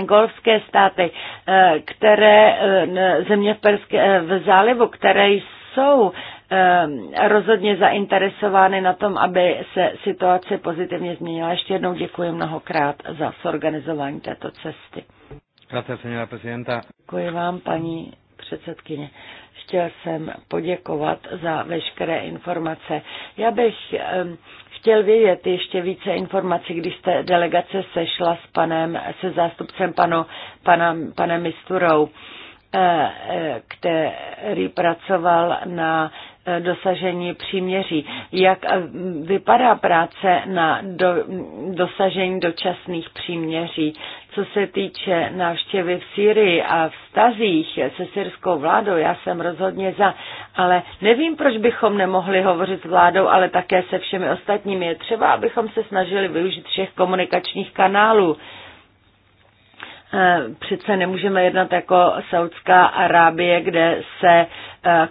golfské státy, eh, které eh, země v, Perské, eh, v zálivu, které jsou rozhodně zainteresovány na tom, aby se situace pozitivně změnila. Ještě jednou děkuji mnohokrát za zorganizování této cesty. Děkuji vám, paní předsedkyně. Chtěl jsem poděkovat za veškeré informace. Já bych chtěl vědět ještě více informací, když jste delegace sešla s panem, se zástupcem panu, pana, panem Misturou eh, eh, který pracoval na Eh, dosažení příměří. Jak eh, vypadá práce na do, dosažení dočasných příměří? Co se týče návštěvy v Syrii a vztazích se syrskou vládou, já jsem rozhodně za, ale nevím, proč bychom nemohli hovořit s vládou, ale také se všemi ostatními. Je třeba, abychom se snažili využít všech komunikačních kanálů eh, přece nemůžeme jednat jako Saudská Arábie, kde se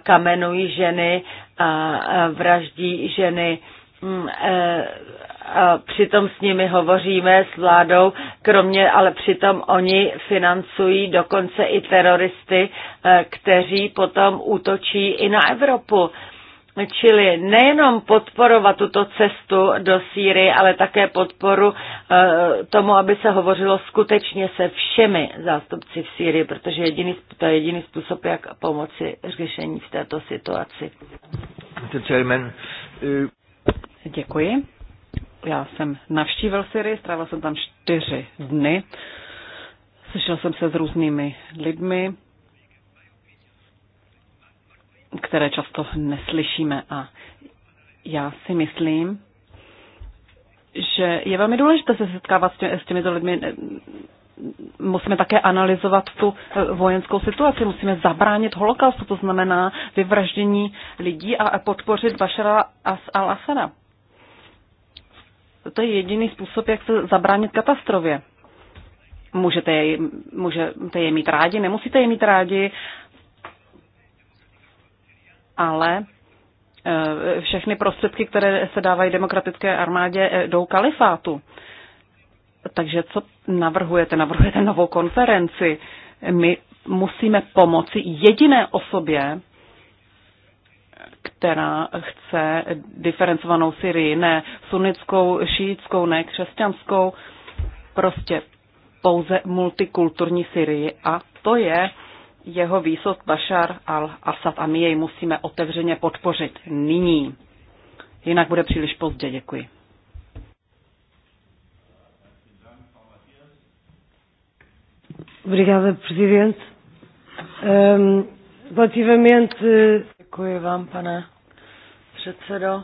kamenují ženy a vraždí ženy. Mm, e, a přitom s nimi hovoříme, s vládou, kromě, ale přitom oni financují dokonce i teroristy, e, kteří potom útočí i na Evropu. Čili nejenom podporovat tuto cestu do Sýrie, ale také podporu eh, tomu, aby se hovořilo skutečně se všemi zástupci v Sýrii, protože jediný, to je jediný způsob, jak pomoci řešení v této situaci. Eh, Děkuji. Já jsem navštívil Syrii, strávil jsem tam čtyři dny. Slyšel jsem se s různými lidmi, které často neslyšíme. A já si myslím, že je velmi důležité se setkávat s, tě, s těmito lidmi. Musíme také analyzovat tu eh, vojenskou situaci, musíme zabránit holokaustu, to znamená vyvraždění lidí a podpořit Bašara al-Asada. To je jediný způsob, jak se zabránit katastrofě. Můžete je, můžete je mít rádi, nemusíte je mít rádi, ale eh, všechny prostředky, které se dávají demokratické armádě, eh, jdou kalifátu. Takže co navrhujete? Navrhujete novou konferenci. My musíme pomoci jediné osobě, která chce diferencovanou Syrii, ne sunnickou, šíjickou, ne křesťanskou, prostě pouze multikulturní Syrii. A to je jeho výsost Bashar al-Assad a my jej musíme otevřeně podpořit nyní. Jinak bude příliš pozdě. Děkuji. Obrigada, Presidente. Um, relativamente. Děkuji vám, pane předsedo.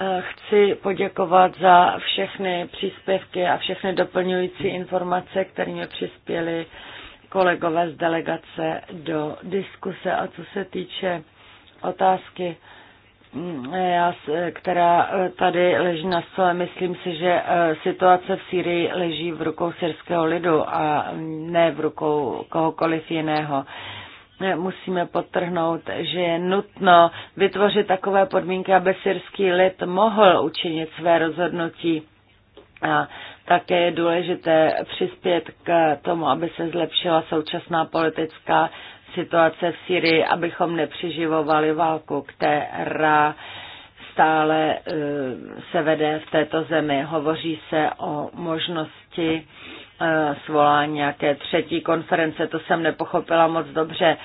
Eh, chci poděkovat za všechny příspěvky a všechny doplňující informace, kterými přispěli uh, kolegové z delegace do diskuse. A co se týče otázky, mm, já, která tady leží na stole, myslím si, že eh, situace v Sýrii leží v rukou syrského lidu a ne v rukou kohokoliv jiného eh, musíme podtrhnout, že je nutno vytvořit takové podmínky, aby syrský lid mohl učinit své rozhodnutí. A také je důležité přispět k tomu, aby se zlepšila současná politická situace v Syrii, abychom nepřiživovali válku, která stále e, se vede v této zemi. Hovoří se o možnosti e, svolání nějaké třetí konference, to jsem nepochopila moc dobře.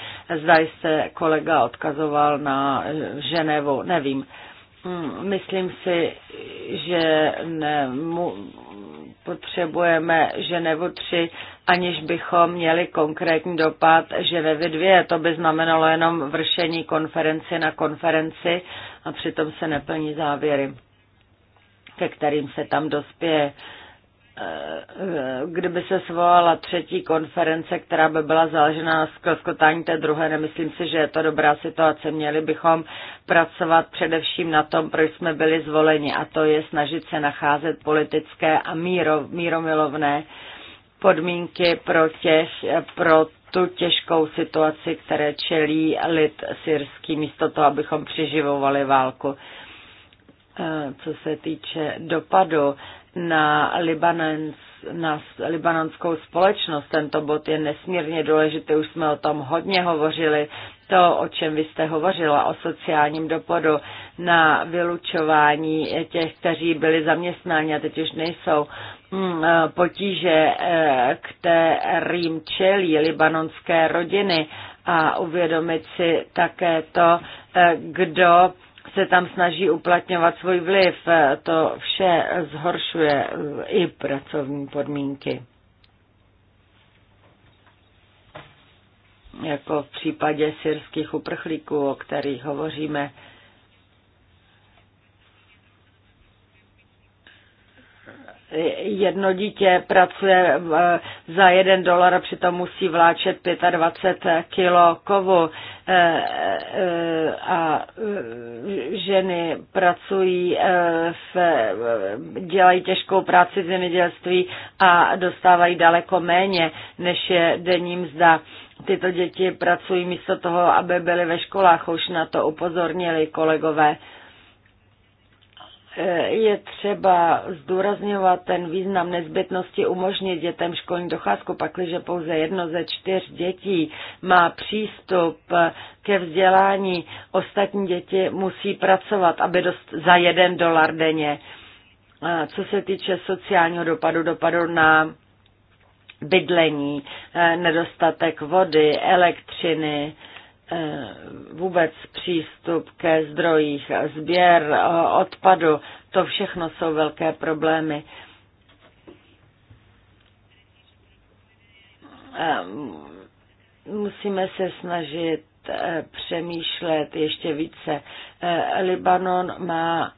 Zda jste kolega odkazoval na e, Ženevu, nevím. Hmm, myslím si, že ne, mu, potřebujeme Ženevu 3, aniž bychom měli konkrétní dopad Ženevy 2. To by znamenalo jenom vršení konferenci na konferenci a přitom se neplní závěry, ke kterým se tam dospěje. Eh, eh, kdyby se svolala třetí konference, která by byla založena na skleskotání té druhé, nemyslím si, že je to dobrá situace. Měli bychom pracovat především na tom, proč jsme byli zvoleni, a to je snažit se nacházet politické a míro, míromilovné podmínky pro, těch, pro tu těžkou situaci, které čelí lid syrský, místo toho, abychom přeživovali válku. Eh, co se týče dopadu na, na libanonskou společnost. Tento bod je nesmírně důležitý, už jsme o tom hodně hovořili. To, o čem vy jste hovořila, o sociálním dopadu na vylučování těch, kteří byli zaměstnáni a teď už nejsou, hmm, potíže, eh, kterým čelí libanonské rodiny a uvědomit si také to, eh, kdo se tam snaží uplatňovat svůj vliv. To vše zhoršuje i pracovní podmínky. Jako v případě syrských uprchlíků, o kterých hovoříme, jedno dítě pracuje za jeden dolar a přitom musí vláčet 25 kilo kovu e, e, a e, ženy pracují, v, dělají těžkou práci v zemědělství a dostávají daleko méně, než je denní mzda. Tyto děti pracují místo toho, aby byly ve školách, už na to upozornili kolegové Eh, je třeba zdůrazňovat ten význam nezbytnosti umožnit dětem školní docházku, pakliže pouze jedno ze čtyř dětí má přístup eh, ke vzdělání, ostatní děti musí pracovat, aby dost za jeden dolar denně. Eh, co se týče sociálního dopadu, dopadu na bydlení, nedostatek vody, elektřiny, Eh, vůbec přístup ke zdrojích, sběr eh, odpadu, to všechno jsou velké problémy. Eh, musíme se snažit přemýšlet ještě více. Libanon má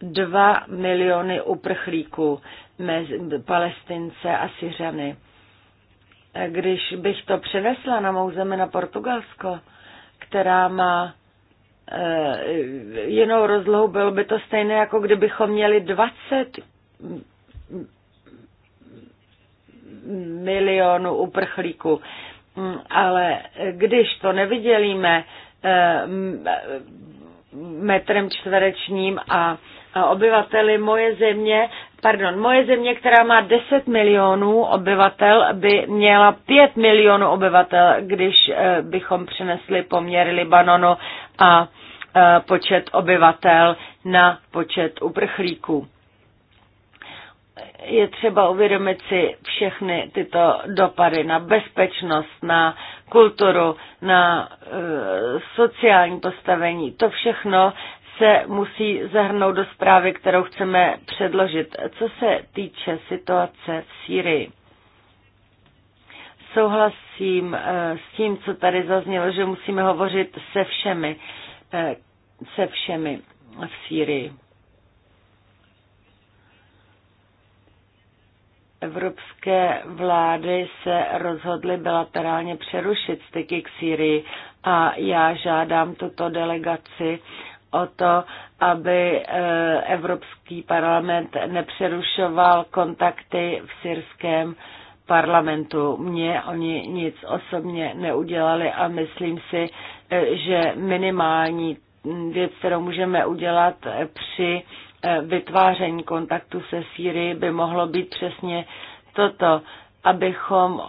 dva miliony uprchlíků mezi Palestince a Syřany. Když bych to přenesla na mou zemi na Portugalsko, která má e, jinou rozlohu, bylo by to stejné, jako kdybychom měli 20 milionů uprchlíků. Mm, ale když to e, metrem čtverečním a obyvateli moje země, pardon, moje země, která má 10 milionů obyvatel, by měla 5 milionů obyvatel, když eh, bychom přenesli poměr Libanonu a eh, počet obyvatel na počet uprchlíků. Je třeba uvědomit si všechny tyto dopady na bezpečnost, na kulturu, na e, sociální postavení. To všechno se musí zahrnout do zprávy, kterou chceme předložit. Co se týče situace v Sýrii, souhlasím eh, s tím, co tady zaznělo, že musíme hovořit se všemi, eh, se všemi v Sýrii. Evropské vlády se rozhodly bilaterálně přerušit styky k Sýrii a já žádám tuto delegaci, o to, aby eh, Evropský parlament nepřerušoval kontakty v syrském parlamentu. Mně oni nic osobně neudělali a myslím si, eh, že minimální věc, kterou můžeme udělat eh, při vytváření kontaktu se Sýrií, by mohlo být přesně toto, abychom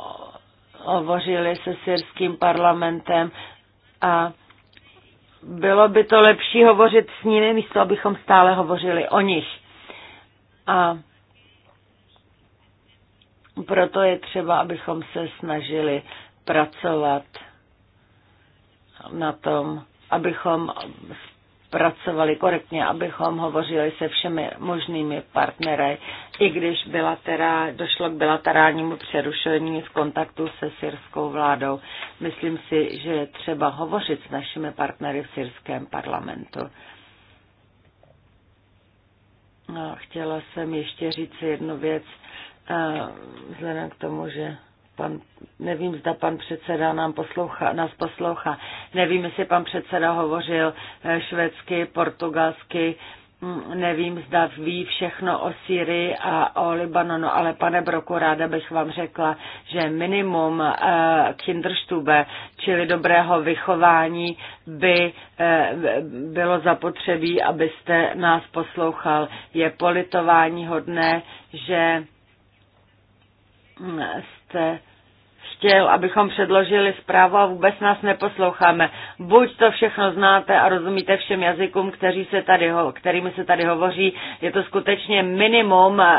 hovořili se syrským parlamentem a bylo by to lepší hovořit s nimi, místo abychom stále hovořili o nich. A proto je třeba, abychom se snažili pracovat na tom, abychom pracovali korektně, abychom hovořili se všemi možnými partnery, i když bilatera, došlo k bilaterálnímu přerušení v kontaktu se syrskou vládou. Myslím si, že je třeba hovořit s našimi partnery v syrském parlamentu. No, chtěla jsem ještě říct jednu věc, eh, vzhledem k tomu, že Pan, nevím, zda pan předseda nám poslouchá, nás poslouchá. Nevím, jestli pan předseda hovořil eh, švédsky, portugalsky, mm, nevím, zda ví všechno o Syrii a o Libanonu, ale pane Broku, ráda bych vám řekla, že minimum uh, kinderstube, čili dobrého vychování, by uh, bylo zapotřebí, abyste nás poslouchal. Je politování hodné, že mm, jste chtěl, abychom předložili zprávu a vůbec nás neposloucháme. Buď to všechno znáte a rozumíte všem jazykům, kteří se tady, kterými se tady hovoří, je to skutečně minimum eh,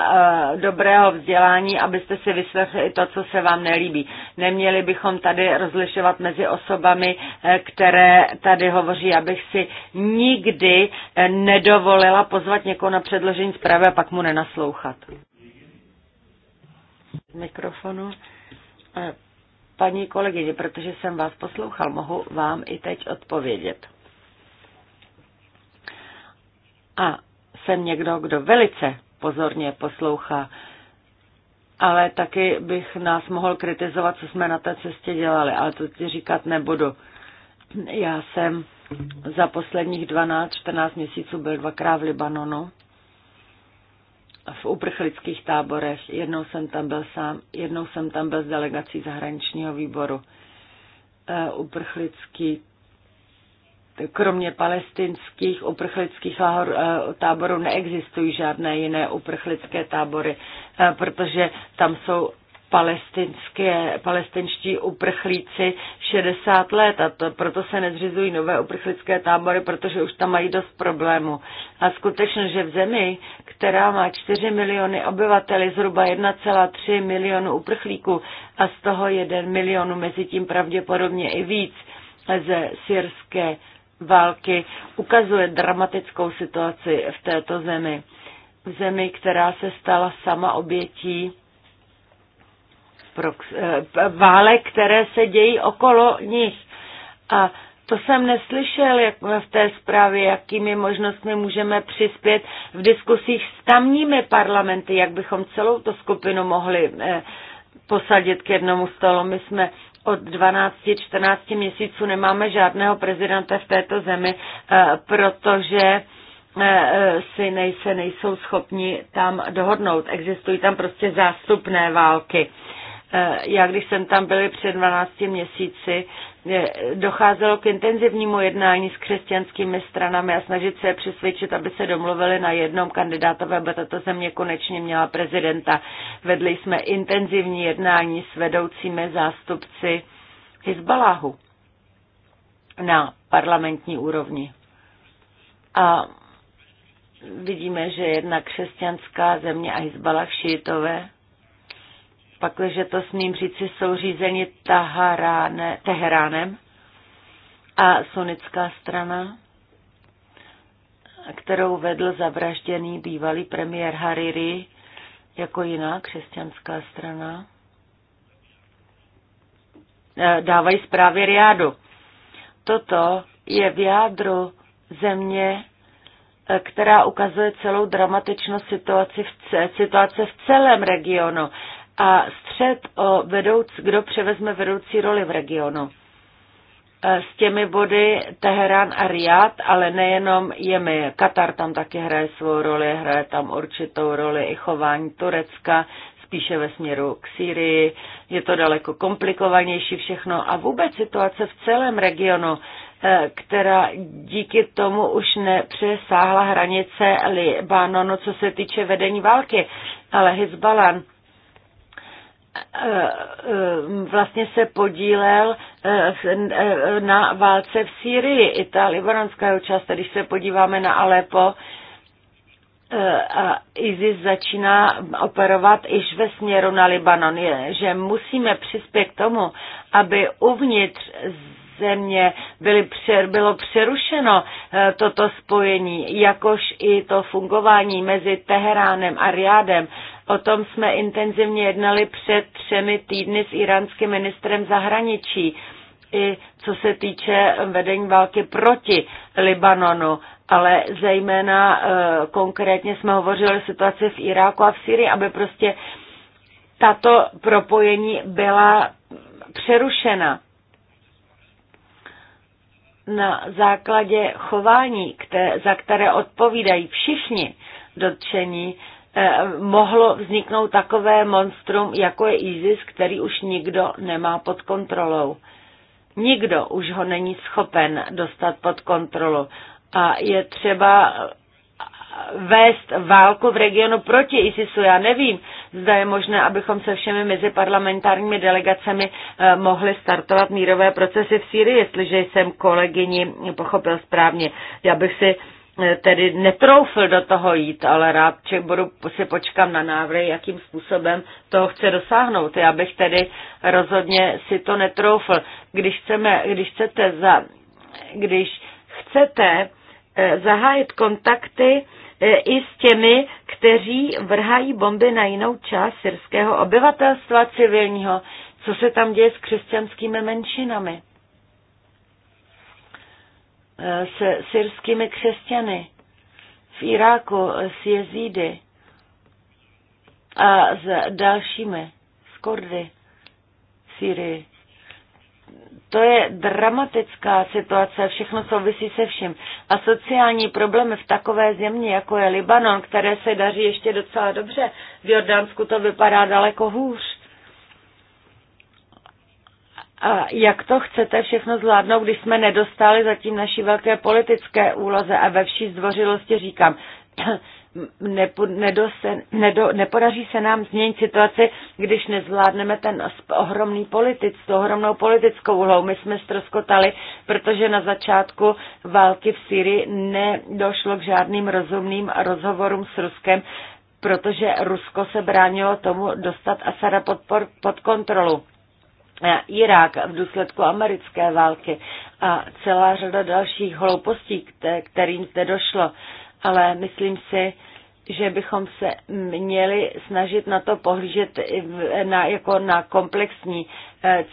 dobrého vzdělání, abyste si vyslechli i to, co se vám nelíbí. Neměli bychom tady rozlišovat mezi osobami, eh, které tady hovoří, abych si nikdy eh, nedovolila pozvat někoho na předložení zprávy a pak mu nenaslouchat. Mikrofonu. Paní kolegyně, protože jsem vás poslouchal, mohu vám i teď odpovědět. A jsem někdo, kdo velice pozorně poslouchá, ale taky bych nás mohl kritizovat, co jsme na té cestě dělali, ale to ti říkat nebudu. Já jsem za posledních 12-14 měsíců byl dvakrát v Libanonu v uprchlických táborech. Jednou jsem tam byl sám, jednou jsem tam byl s delegací zahraničního výboru. E, uprchlický kromě palestinských uprchlických e, táborů neexistují žádné jiné uprchlické tábory, e, protože tam jsou palestinské, palestinští uprchlíci 60 let a to, proto se nezřizují nové uprchlické tábory, protože už tam mají dost problémů. A skutečně, že v zemi, která má 4 miliony obyvateli, zhruba 1,3 milionu uprchlíků a z toho 1 milionu mezi tím pravděpodobně i víc ze syrské války, ukazuje dramatickou situaci v této zemi. V zemi, která se stala sama obětí Eh, válek, které se dějí okolo nich. A to jsem neslyšel jak v té zprávě, jakými možnostmi můžeme přispět v diskusích s tamními parlamenty, jak bychom celou tu skupinu mohli eh, posadit k jednomu stolu. My jsme od 12-14 měsíců nemáme žádného prezidenta v této zemi, eh, protože si nejse, nejsou schopni tam dohodnout. Existují tam prostě zástupné války. Eh, já když jsem tam byl před 12 měsíci, docházelo k intenzivnímu jednání s křesťanskými stranami a snažit se je přesvědčit, aby se domluvili na jednom kandidátovi, aby tato země konečně měla prezidenta. Vedli jsme intenzivní jednání s vedoucími zástupci Hezbaláhu na parlamentní úrovni. A vidíme, že jedna křesťanská země a Hezbalah šítové pakliže to smím říci, jsou řízeni Taharáne, Teheránem a sunická strana, kterou vedl zavražděný bývalý premiér Hariri, jako jiná křesťanská strana, eh, dávají zprávy Riádu. Toto je v jádru země, eh, která ukazuje celou dramatičnost situaci v, situace v celém regionu a střed o vedouc, kdo převezme vedoucí roli v regionu. E, s těmi body Teherán a Riad, ale nejenom jemi. Katar tam taky hraje svou roli, hraje tam určitou roli i chování Turecka, spíše ve směru k Sýrii. Je to daleko komplikovanější všechno a vůbec situace v celém regionu, e, která díky tomu už nepřesáhla hranice Libanonu, co se týče vedení války. Ale Hezbalan Eh, eh, vlastně se podílel eh, na válce v Sýrii, i ta libanonská část, když se podíváme na Alepo, a ISIS začíná operovat iž ve směru na Libanon, je, že musíme přispět k tomu, aby uvnitř země byly přer, bylo přerušeno toto spojení, jakož i to fungování mezi Teheránem a Riádem, O tom jsme intenzivně jednali před třemi týdny s iránským ministrem zahraničí, i co se týče vedení války proti Libanonu, ale zejména e, konkrétně jsme hovořili o situaci v Iráku a v Syrii, aby prostě tato propojení byla přerušena na základě chování, které, za které odpovídají všichni dotčení, Eh, mohlo vzniknout takové monstrum, jako je ISIS, který už nikdo nemá pod kontrolou. Nikdo už ho není schopen dostat pod kontrolu. A je třeba vést válku v regionu proti ISISu. Já nevím, zda je možné, abychom se všemi meziparlamentárními delegacemi eh, mohli startovat mírové procesy v Sýrii, jestliže jsem kolegyni pochopil správně. Já bych si E, tedy netroufl do toho jít, ale rád či budu, si počkám na návrhy, jakým způsobem toho chce dosáhnout. Já bych tedy rozhodně si to netroufl. Když, chceme, když chcete za, když chcete e, zahájit kontakty e, i s těmi, kteří vrhají bomby na jinou část syrského obyvatelstva civilního, co se tam děje s křesťanskými menšinami s syrskými křesťany, v Iráku s jezídy a s dalšími, z Kordy v Syrii. To je dramatická situace, všechno souvisí se vším. A sociální problémy v takové země, jako je Libanon, které se daří ještě docela dobře, v Jordánsku to vypadá daleko hůř. A jak to chcete všechno zvládnout, když jsme nedostali zatím naší velké politické úloze a ve vší zdvořilosti říkám, nepo, nedose, nedo, nepodaří se nám změnit situaci, když nezvládneme ten ohromný politic, tu ohromnou politickou úlohu. My jsme stroskotali, protože na začátku války v Syrii nedošlo k žádným rozumným rozhovorům s Ruskem, protože Rusko se bránilo tomu dostat Asada pod, pod kontrolu. Eh, Irák v důsledku americké války a celá řada dalších hloupostí, kterým zde došlo. Ale myslím si, že bychom se měli snažit na to pohlížet na, jako na komplexní eh,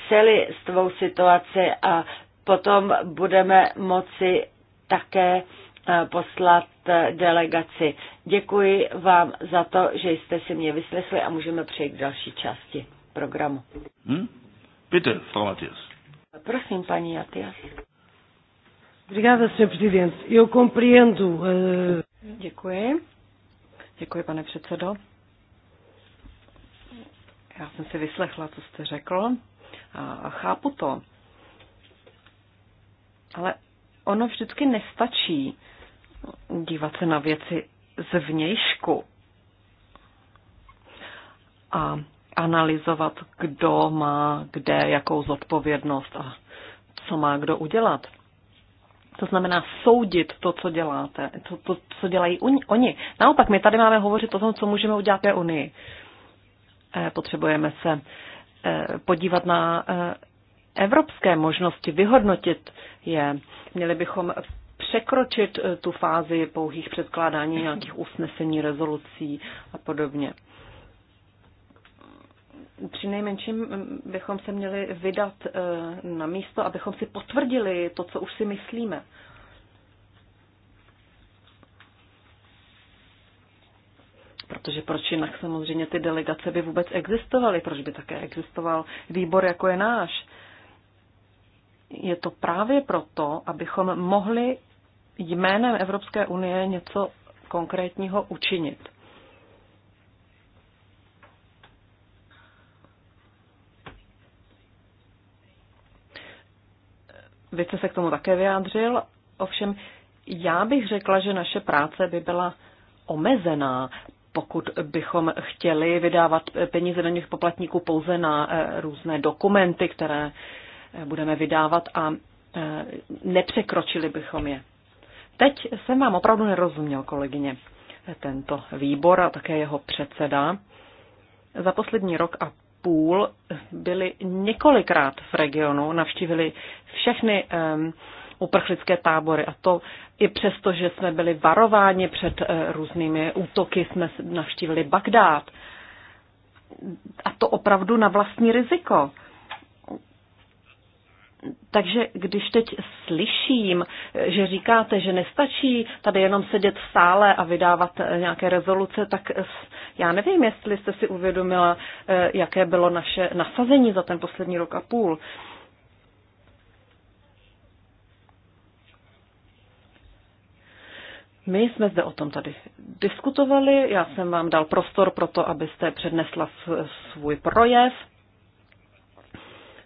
tvou situaci a potom budeme moci také eh, poslat delegaci. Děkuji vám za to, že jste si mě vyslechli a můžeme přejít k další části programu. Hmm? Bitte, Frau Matthias. Prosím, paní Matthias. Obrigada, senhor presidente. Eu compreendo. Uh... Děkuji. Děkuji, pane předsedo. Já jsem si vyslechla, co jste řekl a chápu to. Ale ono vždycky nestačí dívat se na věci zvnějšku. A analyzovat, kdo má kde jakou zodpovědnost a co má kdo udělat. To znamená soudit to, co děláte, to, to co dělají oni. Naopak, my tady máme hovořit o tom, co můžeme udělat té Unii. Eh, potřebujeme se eh, podívat na eh, evropské možnosti, vyhodnotit je. Měli bychom překročit tu fázi pouhých předkládání nějakých usnesení, rezolucí a podobně při nejmenším mm, bychom se měli vydat eh, na místo, abychom si potvrdili to, co už si myslíme. Protože proč jinak samozřejmě ty delegace by vůbec existovaly? Proč by také existoval výbor, jako je náš? Je to právě proto, abychom mohli jménem Evropské unie něco konkrétního učinit. Vejce se k tomu také vyjádřil. Ovšem, já bych řekla, že naše práce by byla omezená, pokud bychom chtěli vydávat peníze daných poplatníků pouze na eh, různé dokumenty, které eh, budeme vydávat a eh, nepřekročili bychom je. Teď jsem vám opravdu nerozuměl, kolegyně, tento výbor a také jeho předseda. Za poslední rok a půl byli několikrát v regionu, navštívili všechny um, uprchlické tábory a to i přesto, že jsme byli varováni před uh, různými útoky, jsme navštívili Bagdád. A to opravdu na vlastní riziko. Takže když teď slyším, že říkáte, že nestačí tady jenom sedět v sále a vydávat eh, nějaké rezoluce, tak eh, já nevím, jestli jste si uvědomila, eh, jaké bylo naše nasazení za ten poslední rok a půl. My jsme zde o tom tady diskutovali, já jsem vám dal prostor pro to, abyste přednesla svůj projev.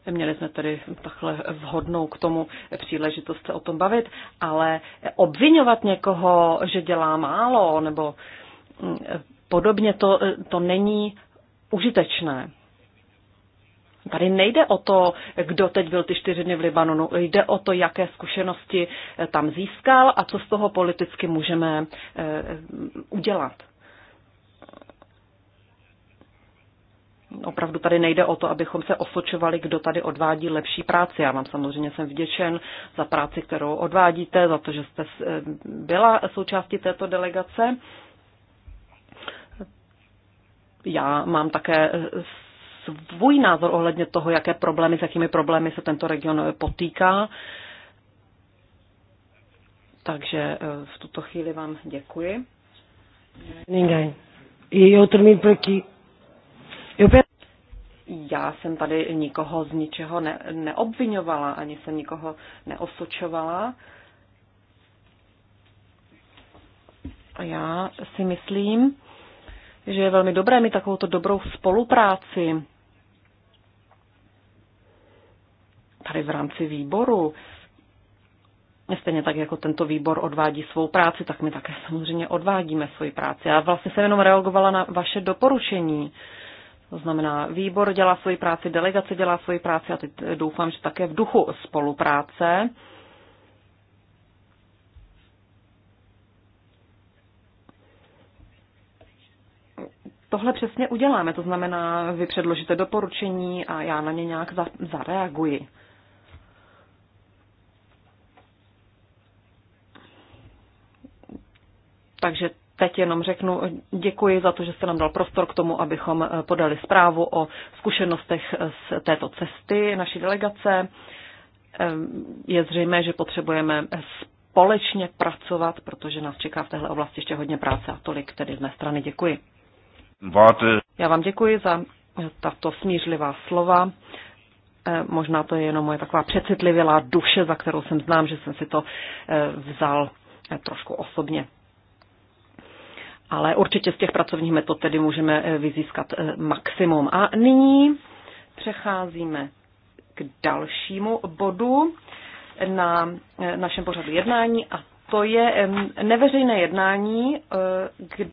Měli jsme tady takhle vhodnou k tomu příležitost se o tom bavit, ale obvinovat někoho, že dělá málo nebo mm, podobně, to, to není užitečné. Tady nejde o to, kdo teď byl ty čtyři dny v Libanonu, jde o to, jaké zkušenosti tam získal a co z toho politicky můžeme eh, udělat. opravdu tady nejde o to, abychom se osočovali, kdo tady odvádí lepší práci. Já vám samozřejmě jsem vděčen za práci, kterou odvádíte, za to, že jste eh, byla součástí této delegace. Já mám také eh, svůj názor ohledně toho, jaké problémy, s jakými problémy se tento region eh, potýká. Takže v tuto chvíli vám děkuji. Ninguém. E eu termino por aqui já jsem tady nikoho z ničeho ne, neobvinovala, ani jsem nikoho neosočovala. A já si myslím, že je velmi dobré mít takovouto dobrou spolupráci tady v rámci výboru. Stejně tak, jako tento výbor odvádí svou práci, tak my také samozřejmě odvádíme svoji práci. Já vlastně jsem jenom reagovala na vaše doporučení. Uh, to znamená, výbor dělá svoji práci, delegace dělá svoji práci a teď doufám, že také v duchu spolupráce. Tohle přesně uděláme, to znamená, vy předložíte doporučení a já na ně nějak za, zareaguji. Takže teď jenom řeknu děkuji za to, že jste nám dal prostor k tomu, abychom eh, podali zprávu o zkušenostech z této cesty naší delegace. Eh, je zřejmé, že potřebujeme společně pracovat, protože nás čeká v téhle oblasti ještě hodně práce a tolik tedy z mé strany děkuji. Já vám děkuji za tato smířlivá slova. Eh, možná to je jenom moje taková přecitlivělá duše, za kterou jsem znám, že jsem si to vzal trošku osobně ale určitě z těch pracovních metod tedy můžeme eh, vyzískat eh, maximum. A nyní přecházíme k dalšímu bodu na eh, našem pořadu jednání a to je neveřejné jednání, kde